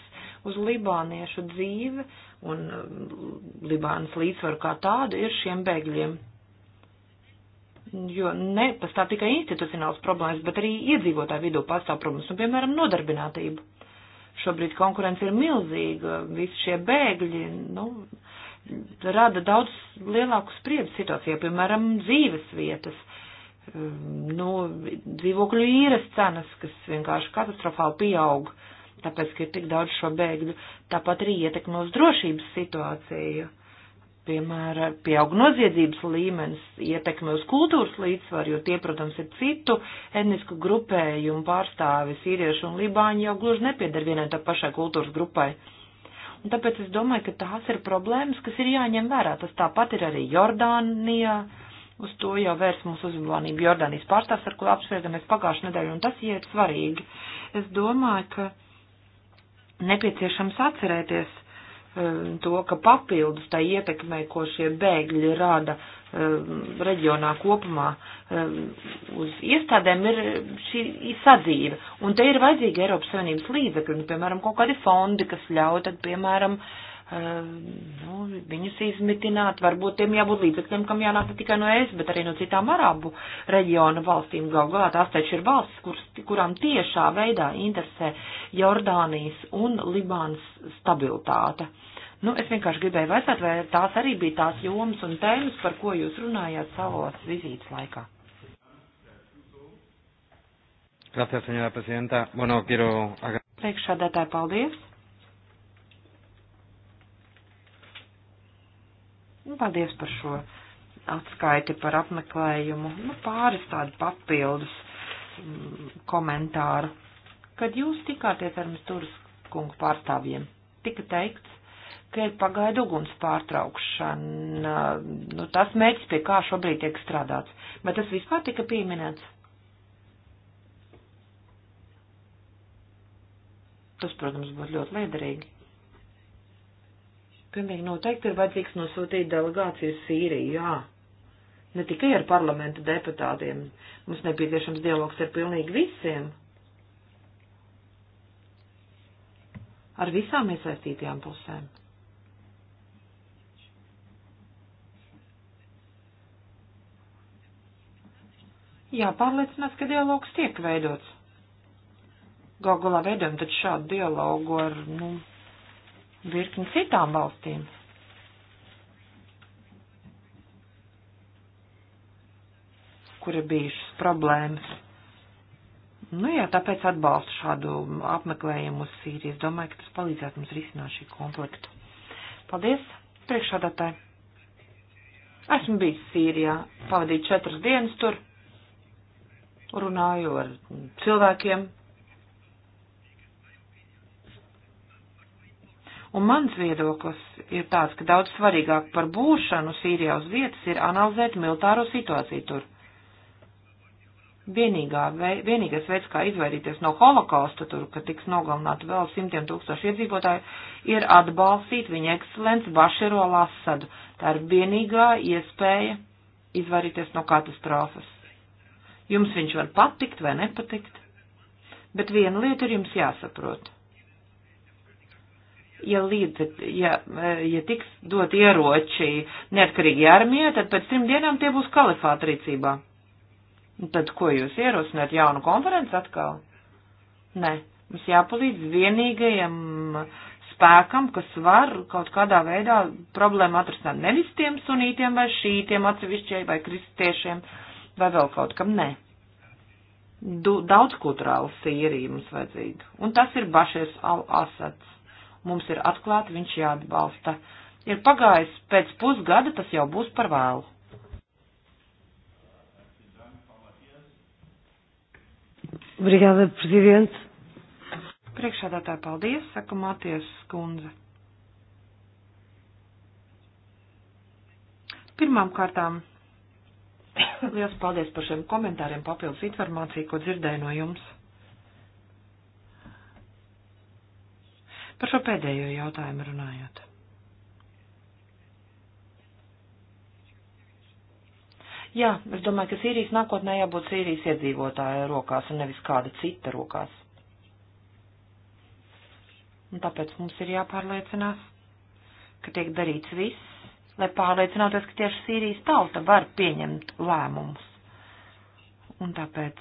uz libāniešu dzīve un um, Libānas līdzsvaru kā tādu ir šiem bēgļiem. Jo nepastāv tikai institucionāls problēmas, bet arī iedzīvotāju vidū pastāv problēmas, un nu, piemēram nodarbinātību Šobrīd konkurence ir milzīga, visi šie bēgļi, nu, rada daudz lielāku spriedzi situācijā, piemēram, dzīves vietas, ehm, nu, dzīvokļu īres cenas, kas vienkārši katastrofāli pieaug, tāpēc, ka ir tik daudz šo bēgļu, tāpat arī ietekmē uz drošības situāciju. Uh, piemēram, pieaug noziedzības līmenis, ietekme uz kultūras līdzsvaru, jo tie, protams, ir citu etnisku grupējumu pārstāvi, sīrieši un libāņi jau gluži nepiedar vienai tā pašai kultūras grupai. Un tāpēc es domāju, ka tās ir problēmas, kas ir jāņem vērā. Tas tāpat ir arī Jordānijā. Uz to jau vērs mūsu uzmanību Jordānijas pārstāvs, ar ko apspriedamies pagājušajā nedēļā, un tas ja ir svarīgi. Es domāju, ka nepieciešams atcerēties, Um, to, ka papildus tā ietekmē, ko šie bēgļi rada um, reģionā kopumā um, uz iestādēm, ir šī sadzīve. Un te ir vajadzīga Eiropas Savienības līdzekļi, nu, piemēram, kaut kādi fondi, kas ļauj, tad, piemēram, uh, Ehm, nu, viņus izmitināt. Varbūt tiem jābūt līdzekļiem, kam jānāk ne tikai no ES, bet arī no citām arabu reģiona valstīm. Gal galā tās taču ir valsts, kur, kurām tiešā veidā interesē Jordānijas un Libānas stabilitāte. Nu, es vienkārši gribēju vaicāt, vai tās arī bija tās jomas un tēmas, par ko jūs runājāt savos vizītes laikā. Gracias, señora presidenta. Bueno, quiero... Priekšādātāji, paldies. Nu, paldies par šo atskaiti par apmeklējumu. Nu, pāris tādu papildus mm, komentāru. Kad jūs tikāties ar mums turas kungu pārstāvjiem, tika teikts, ka ir pagaidu uguns pārtraukšana. Nu, tas mērķis, pie kā šobrīd tiek strādāts. Vai tas vispār tika pieminēts? Tas, protams, būtu ļoti liederīgi. Pilnīgi noteikti ir vajadzīgs nosūtīt delegāciju Sīriju, jā. Ne tikai ar parlamenta deputātiem. Mums nepieciešams dialogs ar pilnīgi visiem. Ar visām iesaistītajām pusēm. Jāpārliecinās, ka dialogs tiek veidots. Galu galā veidojam taču šādu dialogu ar, nu, virkni citām valstīm. kur ir bijušas problēmas. Nu jā, tāpēc atbalstu šādu apmeklējumu uz Sīriju. Es domāju, ka tas palīdzētu mums risināt šī konfliktu. Paldies, priekšādātāji! Esmu bijis Sīrijā, pavadīju četras dienas tur, runāju ar cilvēkiem, Un mans viedoklis ir tāds, ka daudz svarīgāk par būšanu Sīrijā uz vietas ir analizēt militāro situāciju tur. Vienīgā, vei, vienīgais veids, kā izvairīties no holokausta tur, ka tiks nogalināti vēl simtiem tūkstoši iedzīvotāju, ir atbalstīt viņa ekscelenci Baširo Lasadu. Tā ir vienīgā iespēja izvairīties no katastrofas. Jums viņš var patikt vai nepatikt, bet viena lieta ir jums jāsaprot ja, līdz, ja, ja tiks dot ieroči neatkarīgi armijai, tad pēc trim dienām tie būs kalifāta rīcībā. Tad ko jūs ierosināt jaunu konferenci atkal? Nē, mums jāpalīdz vienīgajam spēkam, kas var kaut kādā veidā problēmu atrisināt nevis tiem sunītiem vai šītiem atsevišķai vai kristiešiem vai vēl kaut kam, nē. Daudz kulturāla Sīrija mums vajadzīga, un tas ir Bašers al-Asads mums ir atklāti viņš jāatbalsta. Ir pagājis pēc pusgada, tas jau būs par vēlu. Brigāda prezidents. Priekšādātāji, paldies, saka Māties skundze. Pirmām kārtām, liels paldies par šiem komentāriem, papildus informāciju, ko dzirdēju no jums. Par šo pēdējo jautājumu runājot. Jā, es domāju, ka Sīrijas nākotnē jābūt Sīrijas iedzīvotāja rokās un nevis kāda cita rokās. Un tāpēc mums ir jāpārliecinās, ka tiek darīts viss, lai pārliecinātos, ka tieši Sīrijas tauta var pieņemt lēmumus. Un tāpēc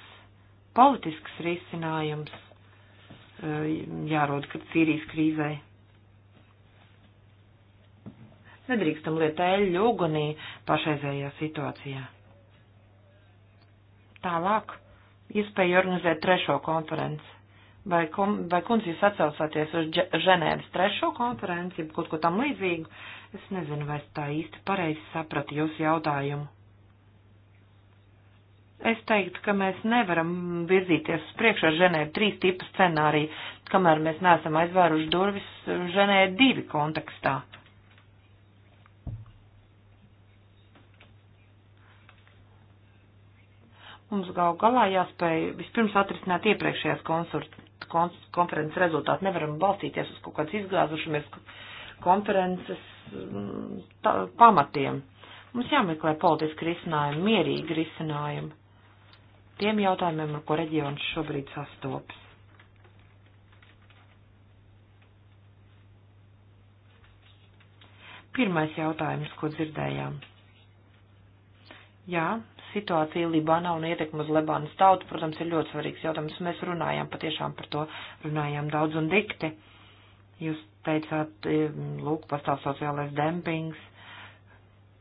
politisks risinājums Eh, jārod, kad Sīrijas krīzē. Nedrīkstam liet eļļu ugunī pašreizējā situācijā. Tālāk iespēja organizēt trešo konferenci. Vai, kom, vai kundze jūs atsaucāties uz dž, Ženēvas trešo konferenci, kaut ko tam līdzīgu? Es nezinu, vai es tā īsti pareizi sapratu jūsu jautājumu. Es teiktu, ka mēs nevaram virzīties uz priekšu ar Ženēvu trīs tipu scenāriju, kamēr mēs neesam aizvēruši durvis Ženēvu divi kontekstā. Mums gal galā jāspēj vispirms atrisināt iepriekšējās konferences rezultātu. Nevaram balstīties uz kaut kādas izgāzušamies konferences mm, tā, pamatiem. Mums jāmeklē politiski risinājumi, mierīgi risinājumi tiem jautājumiem, ar ko reģions šobrīd sastopas. Pirmais jautājums, ko dzirdējām. Jā, situācija Libānā un ietekme uz Libānas tautu, protams, ir ļoti svarīgs jautājums. Mēs runājām patiešām par to, runājām daudz un dikti. Jūs teicāt, e, lūk, pastāv sociālais dempings,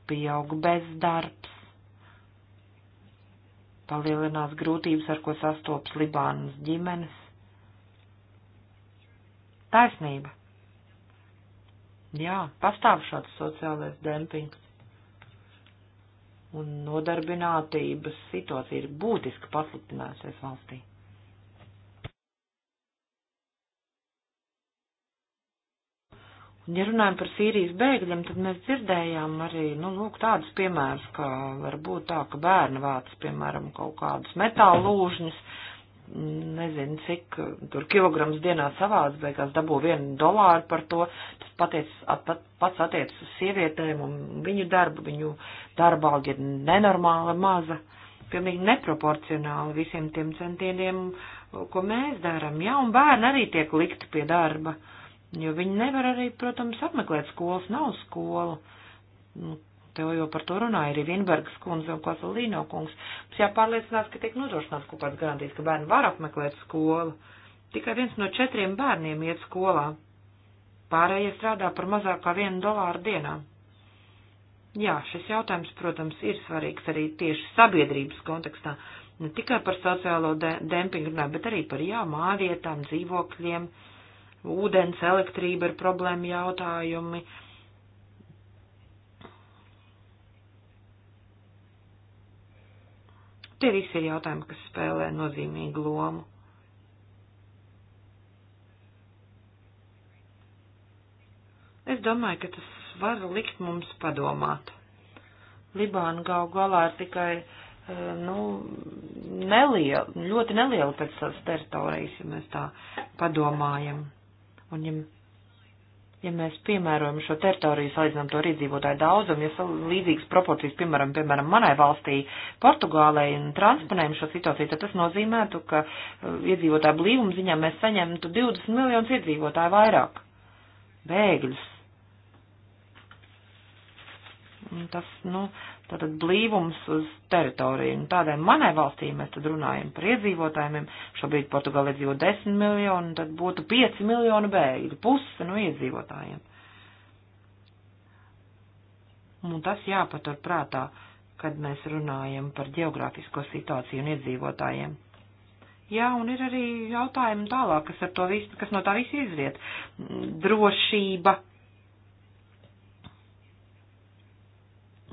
pieaug bezdarbs, palielinās grūtības, ar ko sastopas Libānas ģimenes. Taisnība. Jā, pastāv šāds sociālais dempings. Un nodarbinātības situācija ir būtiski pasliktinājusies valstī. Ja runājam par Sīrijas bēgļiem, tad mēs dzirdējām arī, nu, lūk, tādus piemērus, ka var būt tā, ka bērni vāc, piemēram, kaut kādus metālu lūžņus, nezinu, cik tur kilograms dienā savāc, beigās dabū vienu dolāru par to, tas paties, at, pat, pats attiec uz sievietēm un viņu darbu, viņu darba alga ir nenormāli maza, pilnīgi neproporcionāli visiem tiem centieniem, ko mēs darām, jā, un bērni arī tiek likti pie darba. Uh, Jo viņi nevar arī, protams, apmeklēt skolas, nav skolu. Nu, tev jau par to runāja arī Vinbergas kundze un Kosalīno kungs. Mums jāpārliecinās, ka tiek nodrošināts kaut kāds garantijas, ka bērni var apmeklēt skolu. Tikai viens no četriem bērniem iet skolā. Pārējie strādā par mazāk kā vienu dolāru dienā. Jā, šis jautājums, protams, ir svarīgs arī tieši sabiedrības kontekstā. Ne tikai par sociālo de dempingu, bet arī par jā, māvietām, dzīvokļiem. Uh, ūdens, elektrība ir problēma jautājumi. Tie visi ir jautājumi, kas spēlē nozīmīgu lomu. Es domāju, ka tas var likt mums padomāt. Libāna gal galā ir tikai, eh, nu, neliela, ļoti neliela pēc savas teritorijas, ja mēs tā padomājam. Un, ja, ja mēs piemērojam šo teritoriju, salīdzinām to ar iedzīvotāju daudzumu, ja līdzīgas proporcijas, piemēram, piemēram, manai valstī, Portugālei un transponējam šo situāciju, tad tas nozīmētu, ka uh, iedzīvotāju blīvuma ziņā mēs saņemtu 20 miljonus iedzīvotāju vairāk. Bēgļus. Un tas, nu, tātad blīvums uz teritoriju. Un tādai manai valstī mēs tad runājam par iedzīvotājiem, šobrīd Portugāla iedzīvo 10 miljonu, tad būtu 5 miljonu bēgļu, puse no iedzīvotājiem. Un tas jāpatur prātā, kad mēs runājam par geogrāfisko situāciju un iedzīvotājiem. Jā, un ir arī jautājumi tālāk, kas, ar to visu, kas no tā visu izriet. Drošība,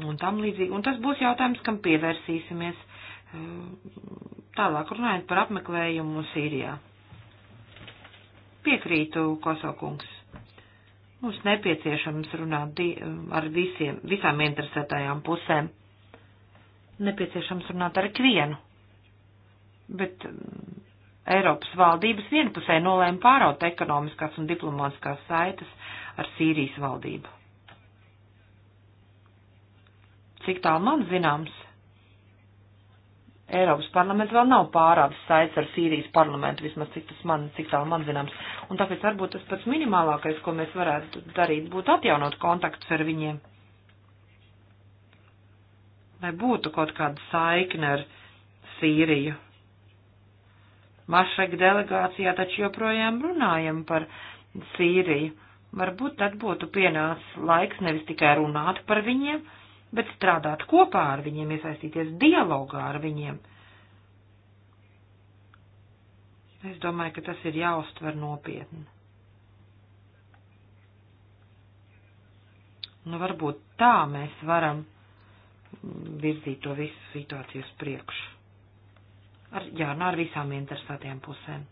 un tam līdzīgi. Un tas būs jautājums, kam pievērsīsimies eh, tālāk runājot par apmeklējumu Sīrijā. Piekrītu, Kosokungs. Mums nepieciešams runāt ar visiem, visām interesētajām pusēm. Nepieciešams runāt ar ikvienu. Bet mm, Eiropas valdības vienpusē nolēma pāraut ekonomiskās un diplomātiskās saites ar Sīrijas valdību. Cik tā man zināms, Eiropas parlaments vēl nav pārāds saits ar Sīrijas parlamentu, vismaz cik tas man, cik tā man zināms. Un tāpēc varbūt tas pats minimālākais, ko mēs varētu darīt, būtu atjaunot kontaktus ar viņiem. Lai būtu kaut kāda saikne ar Sīriju. Mašek delegācijā taču joprojām runājam par Sīriju. Varbūt tad būtu pienācis laiks nevis tikai runāt par viņiem, bet strādāt kopā ar viņiem, iesaistīties dialogā ar viņiem. Es domāju, ka tas ir jāuztver nopietni. Nu, varbūt tā mēs varam virzīt to visu situāciju uz priekšu. Ar, jā, nu, ar visām interesētajām pusēm.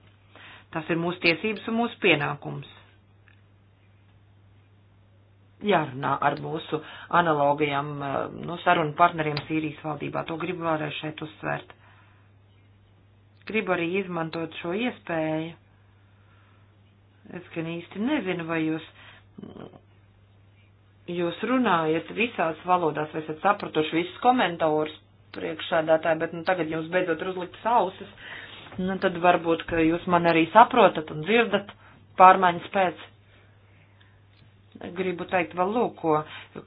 Tas ir mūsu tiesības un mūsu pienākums jārunā ar mūsu analogajām eh, nu, sarunu partneriem Sīrijas valdībā. To gribu vēlreiz šeit uzsvērt. Gribu arī izmantot šo iespēju. Es gan īsti nezinu, vai jūs, jūs runājat visās valodās, vai esat sapratuši visus komentārus priekšādātāji, bet nu, tagad jums beidzot ir uzliktas ausis, nu, tad varbūt, ka jūs mani arī saprotat un dzirdat pārmaiņas pēc gribu teikt vēl lūko,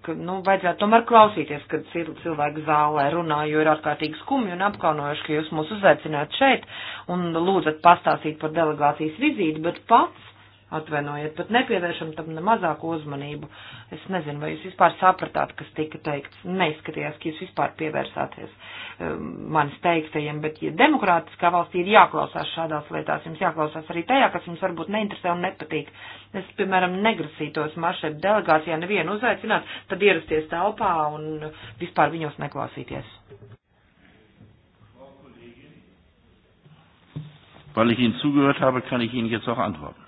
ka, nu, vajadzētu tomēr klausīties, kad cilvēki zālē runā, jo ir ārkārtīgi skumji un apkaunojuši, ka jūs mūs uzaicināt šeit un lūdzat pastāstīt par delegācijas vizīti, bet pats atvainojiet, pat nepievēršam tam ne mazāku uzmanību. Es nezinu, vai jūs vispār sapratāt, kas tika teikts, neizskatījās, ka jūs vispār pievērsāties um, manis teiktajiem, bet ja demokrātiskā valstī ir jāklausās šādās lietās, jums jāklausās arī tajā, kas jums varbūt neinteresē un nepatīk. Es, piemēram, negrasītos maršai delegācijā nevienu uzaicināt, tad ierasties telpā un vispār viņos neklausīties. Weil ich Ihnen zugehört habe, kann ich Ihnen jetzt auch antworten.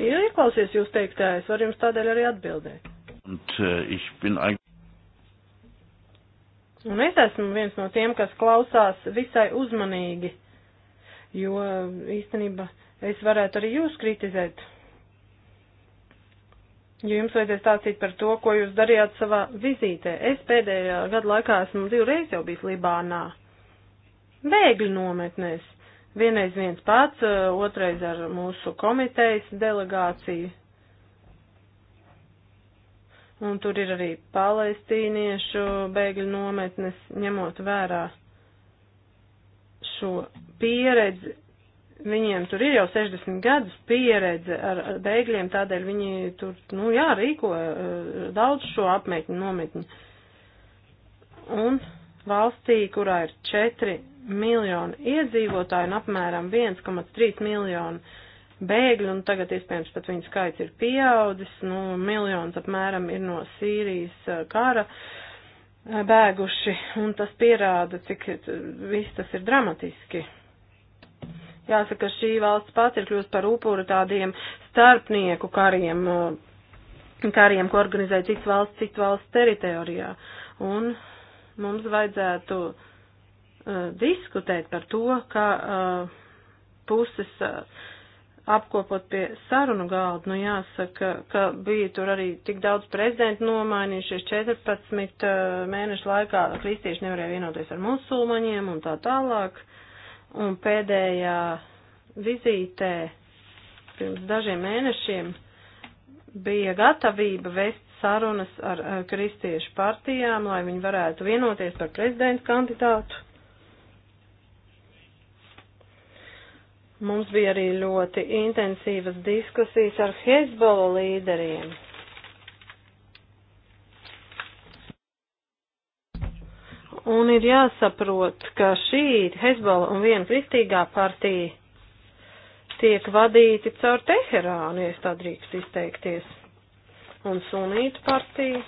Ja ieklausies jūs teiktā, es varu jums tādēļ arī atbildēt. Un, uh, äh, Un es esmu viens no tiem, kas klausās visai uzmanīgi, jo īstenībā es varētu arī jūs kritizēt. Jo jums vajadzēs stāstīt par to, ko jūs darījāt savā vizītē. Es pēdējā gada laikā esmu divreiz jau bijis Libānā. Bēgļu nometnēs. Vienreiz viens pats, eh, otrais ar mūsu komitejas delegāciju. Un tur ir arī palestīniešu bēgļu nometnes, ņemot vērā šo pieredzi. Viņiem tur ir jau 60 gadus pieredze ar bēgļiem, tādēļ viņi tur, nu jā, rīko eh, daudz šo apmetņu nometni. Un valstī, kurā ir četri miljonu iedzīvotāju un apmēram 1,3 miljonu bēgļu, un tagad iespējams pat viņu skaits ir pieaudzis, nu, miljons apmēram ir no Sīrijas eh, kara eh, bēguši, un tas pierāda, cik eh, viss tas ir dramatiski. Jāsaka, šī valsts pats ir kļūst par upuru tādiem starpnieku kariem, kariem, ko organizē cits valsts, cits valsts teritorijā. Un mums vajadzētu uh, Uh, diskutēt par to, ka uh, puses uh, apkopot pie sarunu galda, nu jāsaka, ka bija tur arī tik daudz prezidentu nomainījušies 14 uh, mēnešu laikā, kristieši nevarēja vienoties ar musulmaņiem un tā tālāk. Un pēdējā vizītē pirms dažiem mēnešiem bija gatavība vest sarunas ar uh, kristiešu partijām, lai viņi varētu vienoties par prezidentu kandidātu. Mums bija arī ļoti intensīvas diskusijas ar Hezbollah līderiem. Un ir jāsaprot, ka šī Hezbollah un viena kristīgā partija tiek vadīti caur Teherānu, ja es tā drīkst izteikties, un sunītu partiju.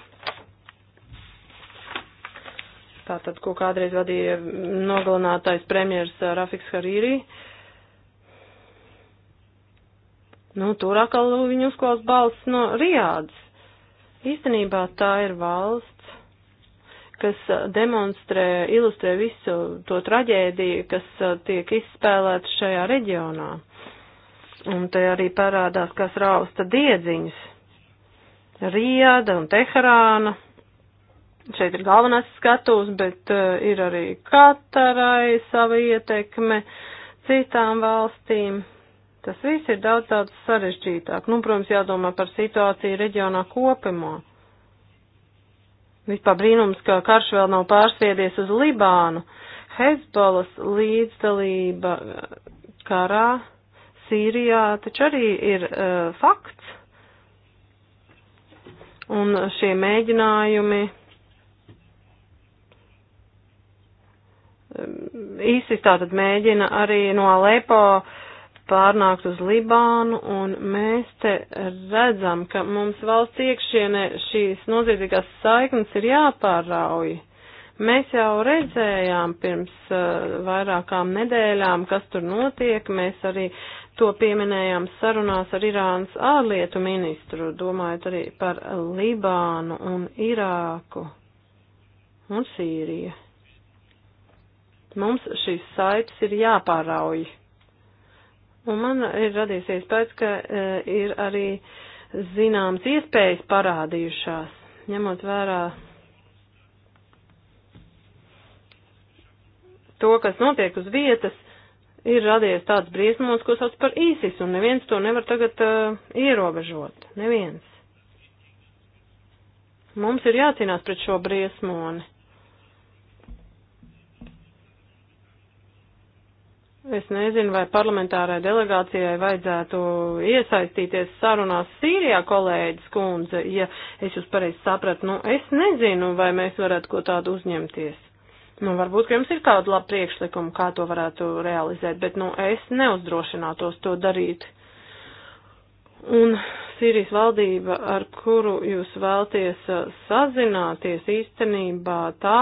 Tātad, ko kādreiz vadīja nogalinātais premjers uh, Rafiks Harīrī. Uh, Nu, tur atkal viņi uzklaus balsts no Riādas. Īstenībā tā ir valsts, kas uh, demonstrē, ilustrē visu to traģēdiju, kas uh, tiek izspēlēta šajā reģionā. Un te arī parādās, kas rausta diedziņus. Riāda un Teherāna. Šeit ir galvenais skatūs, bet uh, ir arī Katarai sava ietekme citām valstīm. Tas viss ir daudz daudz sarežģītāk. Nu, protams, jādomā par situāciju reģionā kopumā. Vispār brīnums, ka karš vēl nav pārsviedies uz Libānu. Hezbolas līdzdalība uh, karā Sīrijā taču arī ir uh, fakts. Un šie mēģinājumi ISIS um, tātad mēģina arī no Alepo uh, pārnākt uz Libānu, un mēs te redzam, ka mums valsts iekšienē šīs noziedzīgās saiknes ir jāpārauj. Mēs jau redzējām pirms uh, vairākām nedēļām, kas tur notiek, mēs arī to pieminējām sarunās ar Irānas ārlietu ministru, domājot arī par Libānu un Irāku un Sīriju. Mums šīs saites ir jāpārauj. Un man ir radies iespējas, ka e, ir arī zināmas iespējas parādījušās, ņemot vērā to, kas notiek uz vietas, ir radies tāds briesmons, ko sauc par īsis, un neviens to nevar tagad uh, ierobežot. Neviens. Mums ir jācīnās pret šo briesmoni. Es nezinu, vai parlamentārai delegācijai vajadzētu iesaistīties sarunās Sīrijā, kolēģis kundze, ja es jūs pareizi sapratu. Nu, es nezinu, vai mēs varētu ko tādu uzņemties. Nu, varbūt, ka jums ir kāda laba priekšlikuma, kā to varētu realizēt, bet, nu, es neuzdrošinātos to darīt. Un Sīrijas valdība, ar kuru jūs vēlties sazināties, īstenībā tā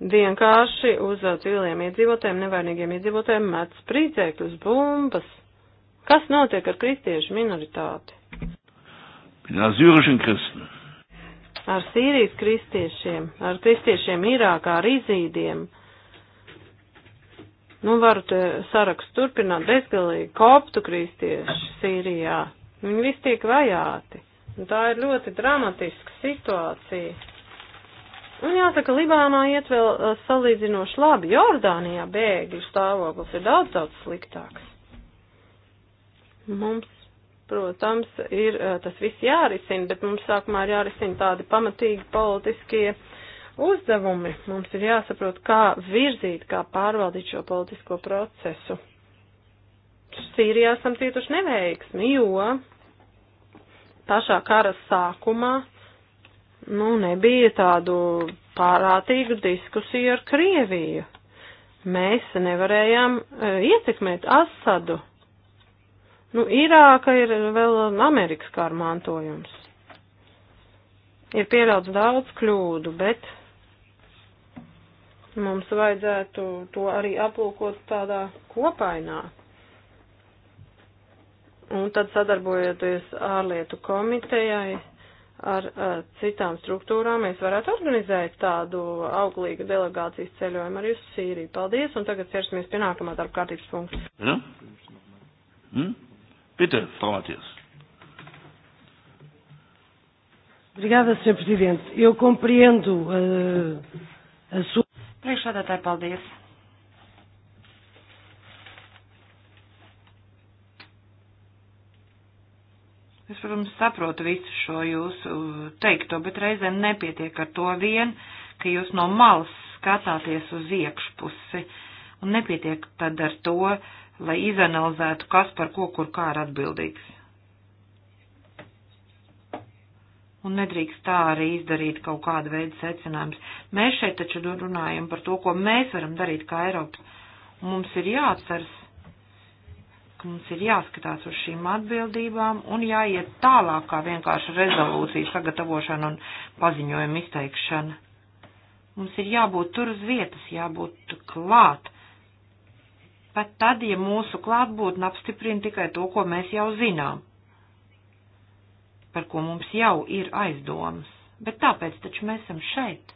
vienkārši uz civiliem iedzīvotājiem, nevainīgiem iedzīvotājiem met sprīdzēkļus, bumbas. Kas notiek ar kristiešu minoritāti? Ar Sīrijas kristiešiem, ar kristiešiem Irākā, ar izīdiem. Nu, varu te sarakstu turpināt bezgalīgi. Koptu kristieši Sīrijā. Viņi visi tiek vajāti. Un tā ir ļoti dramatiska situācija. Un jāsaka, Libānā iet vēl uh, salīdzinoši labi. Jordānijā bēgļu stāvoklis ir daudz, daudz sliktāks. Mums, protams, ir uh, tas viss jārisina, bet mums sākumā ir jārisina tādi pamatīgi politiskie uzdevumi. Mums ir jāsaprot, kā virzīt, kā pārvaldīt šo politisko procesu. Sīrijā esam cietuši neveiksmi, jo pašā kara sākumā nu, nebija tādu pārātīgu diskusiju ar Krieviju. Mēs nevarējām e, ietekmēt Asadu. Nu, Irāka ir vēl Amerikas kā mantojums. Ir pieļauts daudz kļūdu, bet mums vajadzētu to arī aplūkot tādā kopainā. Un tad sadarbojoties ārlietu komitejai ar uh, citām struktūrām mēs varētu organizēt tādu auglīgu delegācijas ceļojumu arī uz Sīriju. Paldies, un tagad ķersimies pie nākamā darba kārtības punkta. Ja? Nu? Hmm? Pite, Frau Matias. Obrigada, Sr. Presidente. Eu compreendo uh, a sua. Priekšādātāji, paldies. Es, protams, saprotu visu šo jūsu uh, teikto, bet reizēm nepietiek ar to vien, ka jūs no malas skatāties uz iekšpusi, un nepietiek tad ar to, lai izanalizētu, kas par ko kur kā ir atbildīgs. Un nedrīkst tā arī izdarīt kaut kādu veidu secinājumus. Mēs šeit taču runājam par to, ko mēs varam darīt kā Eiropas. Un mums ir jāatceras, ka mums ir jāskatās uz šīm atbildībām un jāiet tālāk kā vienkārši rezolūcija sagatavošana un paziņojuma izteikšana. Mums ir jābūt tur uz vietas, jābūt klāt. Pat tad, ja mūsu klātbūtne apstiprina tikai to, ko mēs jau zinām, par ko mums jau ir aizdomas, bet tāpēc taču mēs esam šeit.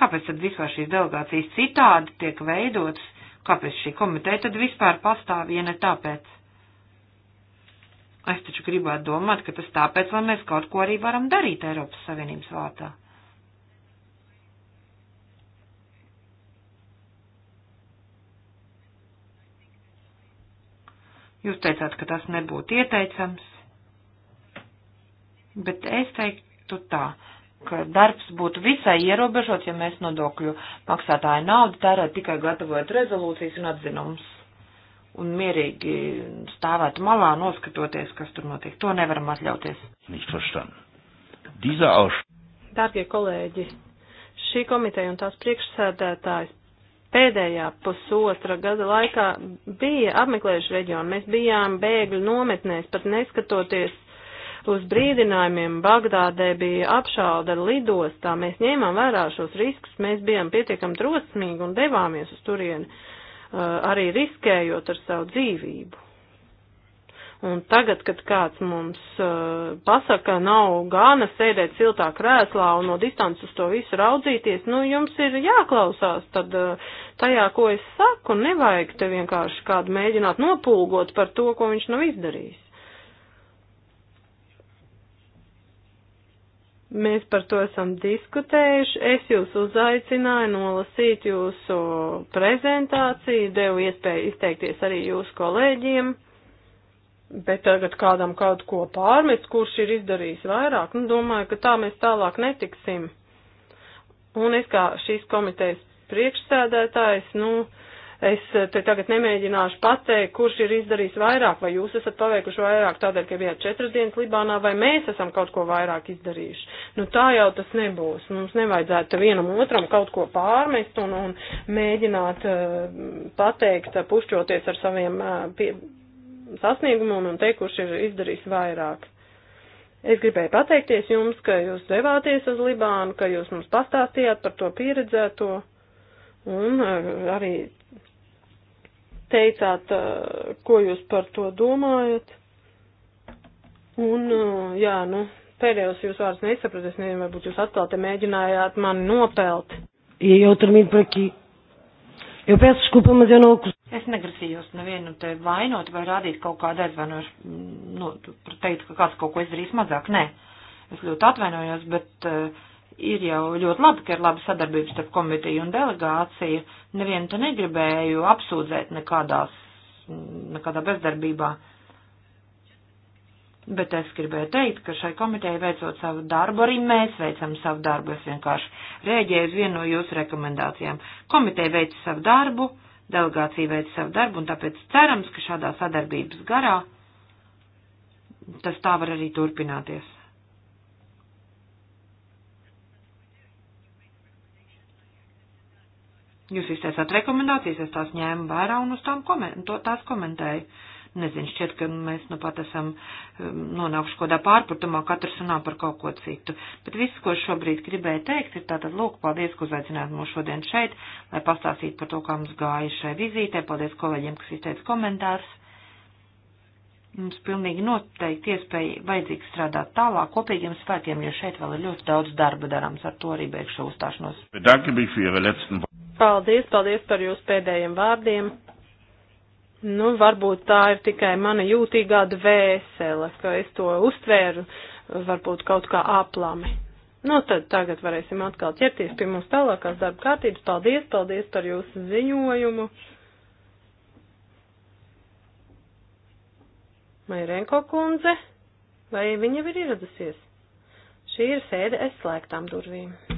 Kāpēc tad vispār šīs delegācijas citādi tiek veidotas, kāpēc šī komiteja tad vispār pastāv, ja ne tāpēc? Es taču gribētu domāt, ka tas tāpēc, lai mēs kaut ko arī varam darīt Eiropas Savienības vārtā. Jūs teicāt, ka tas nebūtu ieteicams, bet es teiktu tā ka darbs būtu visai ierobežots, ja mēs nodokļu maksātāju naudu tērētu tikai gatavojot rezolūcijas un atzinums un mierīgi stāvēt malā, noskatoties, kas tur notiek. To nevaram atļauties. Dārgie kolēģi, šī komiteja un tās priekšsēdētājs pēdējā pusotra gada laikā bija apmeklējuši reģionu. Mēs bijām bēgļu nometnēs, pat neskatoties Uz brīdinājumiem Bagdādē bija apšauda lidostā, mēs ņēmām vērā šos riskus, mēs bijām pietiekami drosmīgi un devāmies uz turieni, uh, arī riskējot ar savu dzīvību. Un tagad, kad kāds mums uh, pasaka, nav gana sēdēt siltā krēslā un no distances uz to visu raudzīties, nu jums ir jāklausās tad uh, tajā, ko es saku, nevajag te vienkārši kādu mēģināt nopulgot par to, ko viņš nav izdarījis. Mēs par to esam diskutējuši. Es jūs uzaicināju nolasīt jūsu prezentāciju, devu iespēju izteikties arī jūsu kolēģiem. Bet tagad kādam kaut ko pārmest, kurš ir izdarījis vairāk, nu domāju, ka tā mēs tālāk netiksim. Un es kā šīs komitejas priekšsēdētājs, nu, uh, Es te tagad nemēģināšu pateikt, kurš ir izdarījis vairāk, vai jūs esat paveikuši vairāk tādēļ, ka bijāt četras dienas Libānā, vai mēs esam kaut ko vairāk izdarījuši. Nu tā jau tas nebūs. Mums nevajadzētu vienam otram kaut ko pārmest un, un mēģināt uh, pateikt, pušķoties ar saviem uh, pie, sasniegumiem un teikt, kurš ir izdarījis vairāk. Es gribēju pateikties jums, ka jūs devāties uz Libānu, ka jūs mums pastāstījāt par to pieredzēto un eh, arī teicāt, ko jūs par to domājat. Un, jā, nu, pēdējos jūs vārds nesapratu, es nezinu, varbūt jūs atkal te mēģinājāt mani nopelt. Ja jau terminu par kī. Jau pēc skupa maz jau nav. Es negrasījos nevienu te vainot vai rādīt kaut kādu aizvainošu, nu, teikt, ka kāds kaut ko izdarīs mazāk. Nē, es ļoti atvainojos, bet. Uh, ir jau ļoti labi, ka ir laba sadarbība starp komiteju un delegāciju. Nevienu te negribēju apsūdzēt nekādās, nekādā bezdarbībā. Bet es gribēju teikt, ka šai komitejai veicot savu darbu, arī mēs veicam savu darbu. Es vienkārši rēģēju uz vienu no jūsu rekomendācijām. Komiteja veica savu darbu, delegācija veica savu darbu, un tāpēc cerams, ka šādā sadarbības garā tas tā var arī turpināties. Jūs izteicāt rekomendācijas, es tās ņēmu vērā un uz tām koment, to, tās komentēju. Nezinu, šķiet, ka mēs nu pat esam um, nonākuši kodā pārpratumā, katrs runā par kaut ko citu. Bet viss, ko šobrīd gribēju teikt, ir tātad, lūk, paldies, ka uzaicinājāt mūs šodien šeit, lai pastāstītu par to, kā mums gāja šai vizītē. Paldies kolēģiem, kas izteica komentārus. Mums pilnīgi noteikti iespēja vajadzīgi strādāt tālāk kopīgiem spēkiem, jo šeit vēl ir ļoti daudz darba darāms. Ar to arī beigšu uzstāšanos. Danke, bija Fiera, letzten. Paldies, paldies par jūsu pēdējiem vārdiem. Nu, varbūt tā ir tikai mana jūtīgā dvēsele, ka es to uztvēru, varbūt kaut kā aplami. Nu, tad tagad varēsim atkal ķerties pie mūsu tālākās darba kārtības. Paldies, paldies par jūsu ziņojumu. Mairenko kundze, vai viņa ir ieradusies? Šī ir sēde aiz slēgtām durvīm.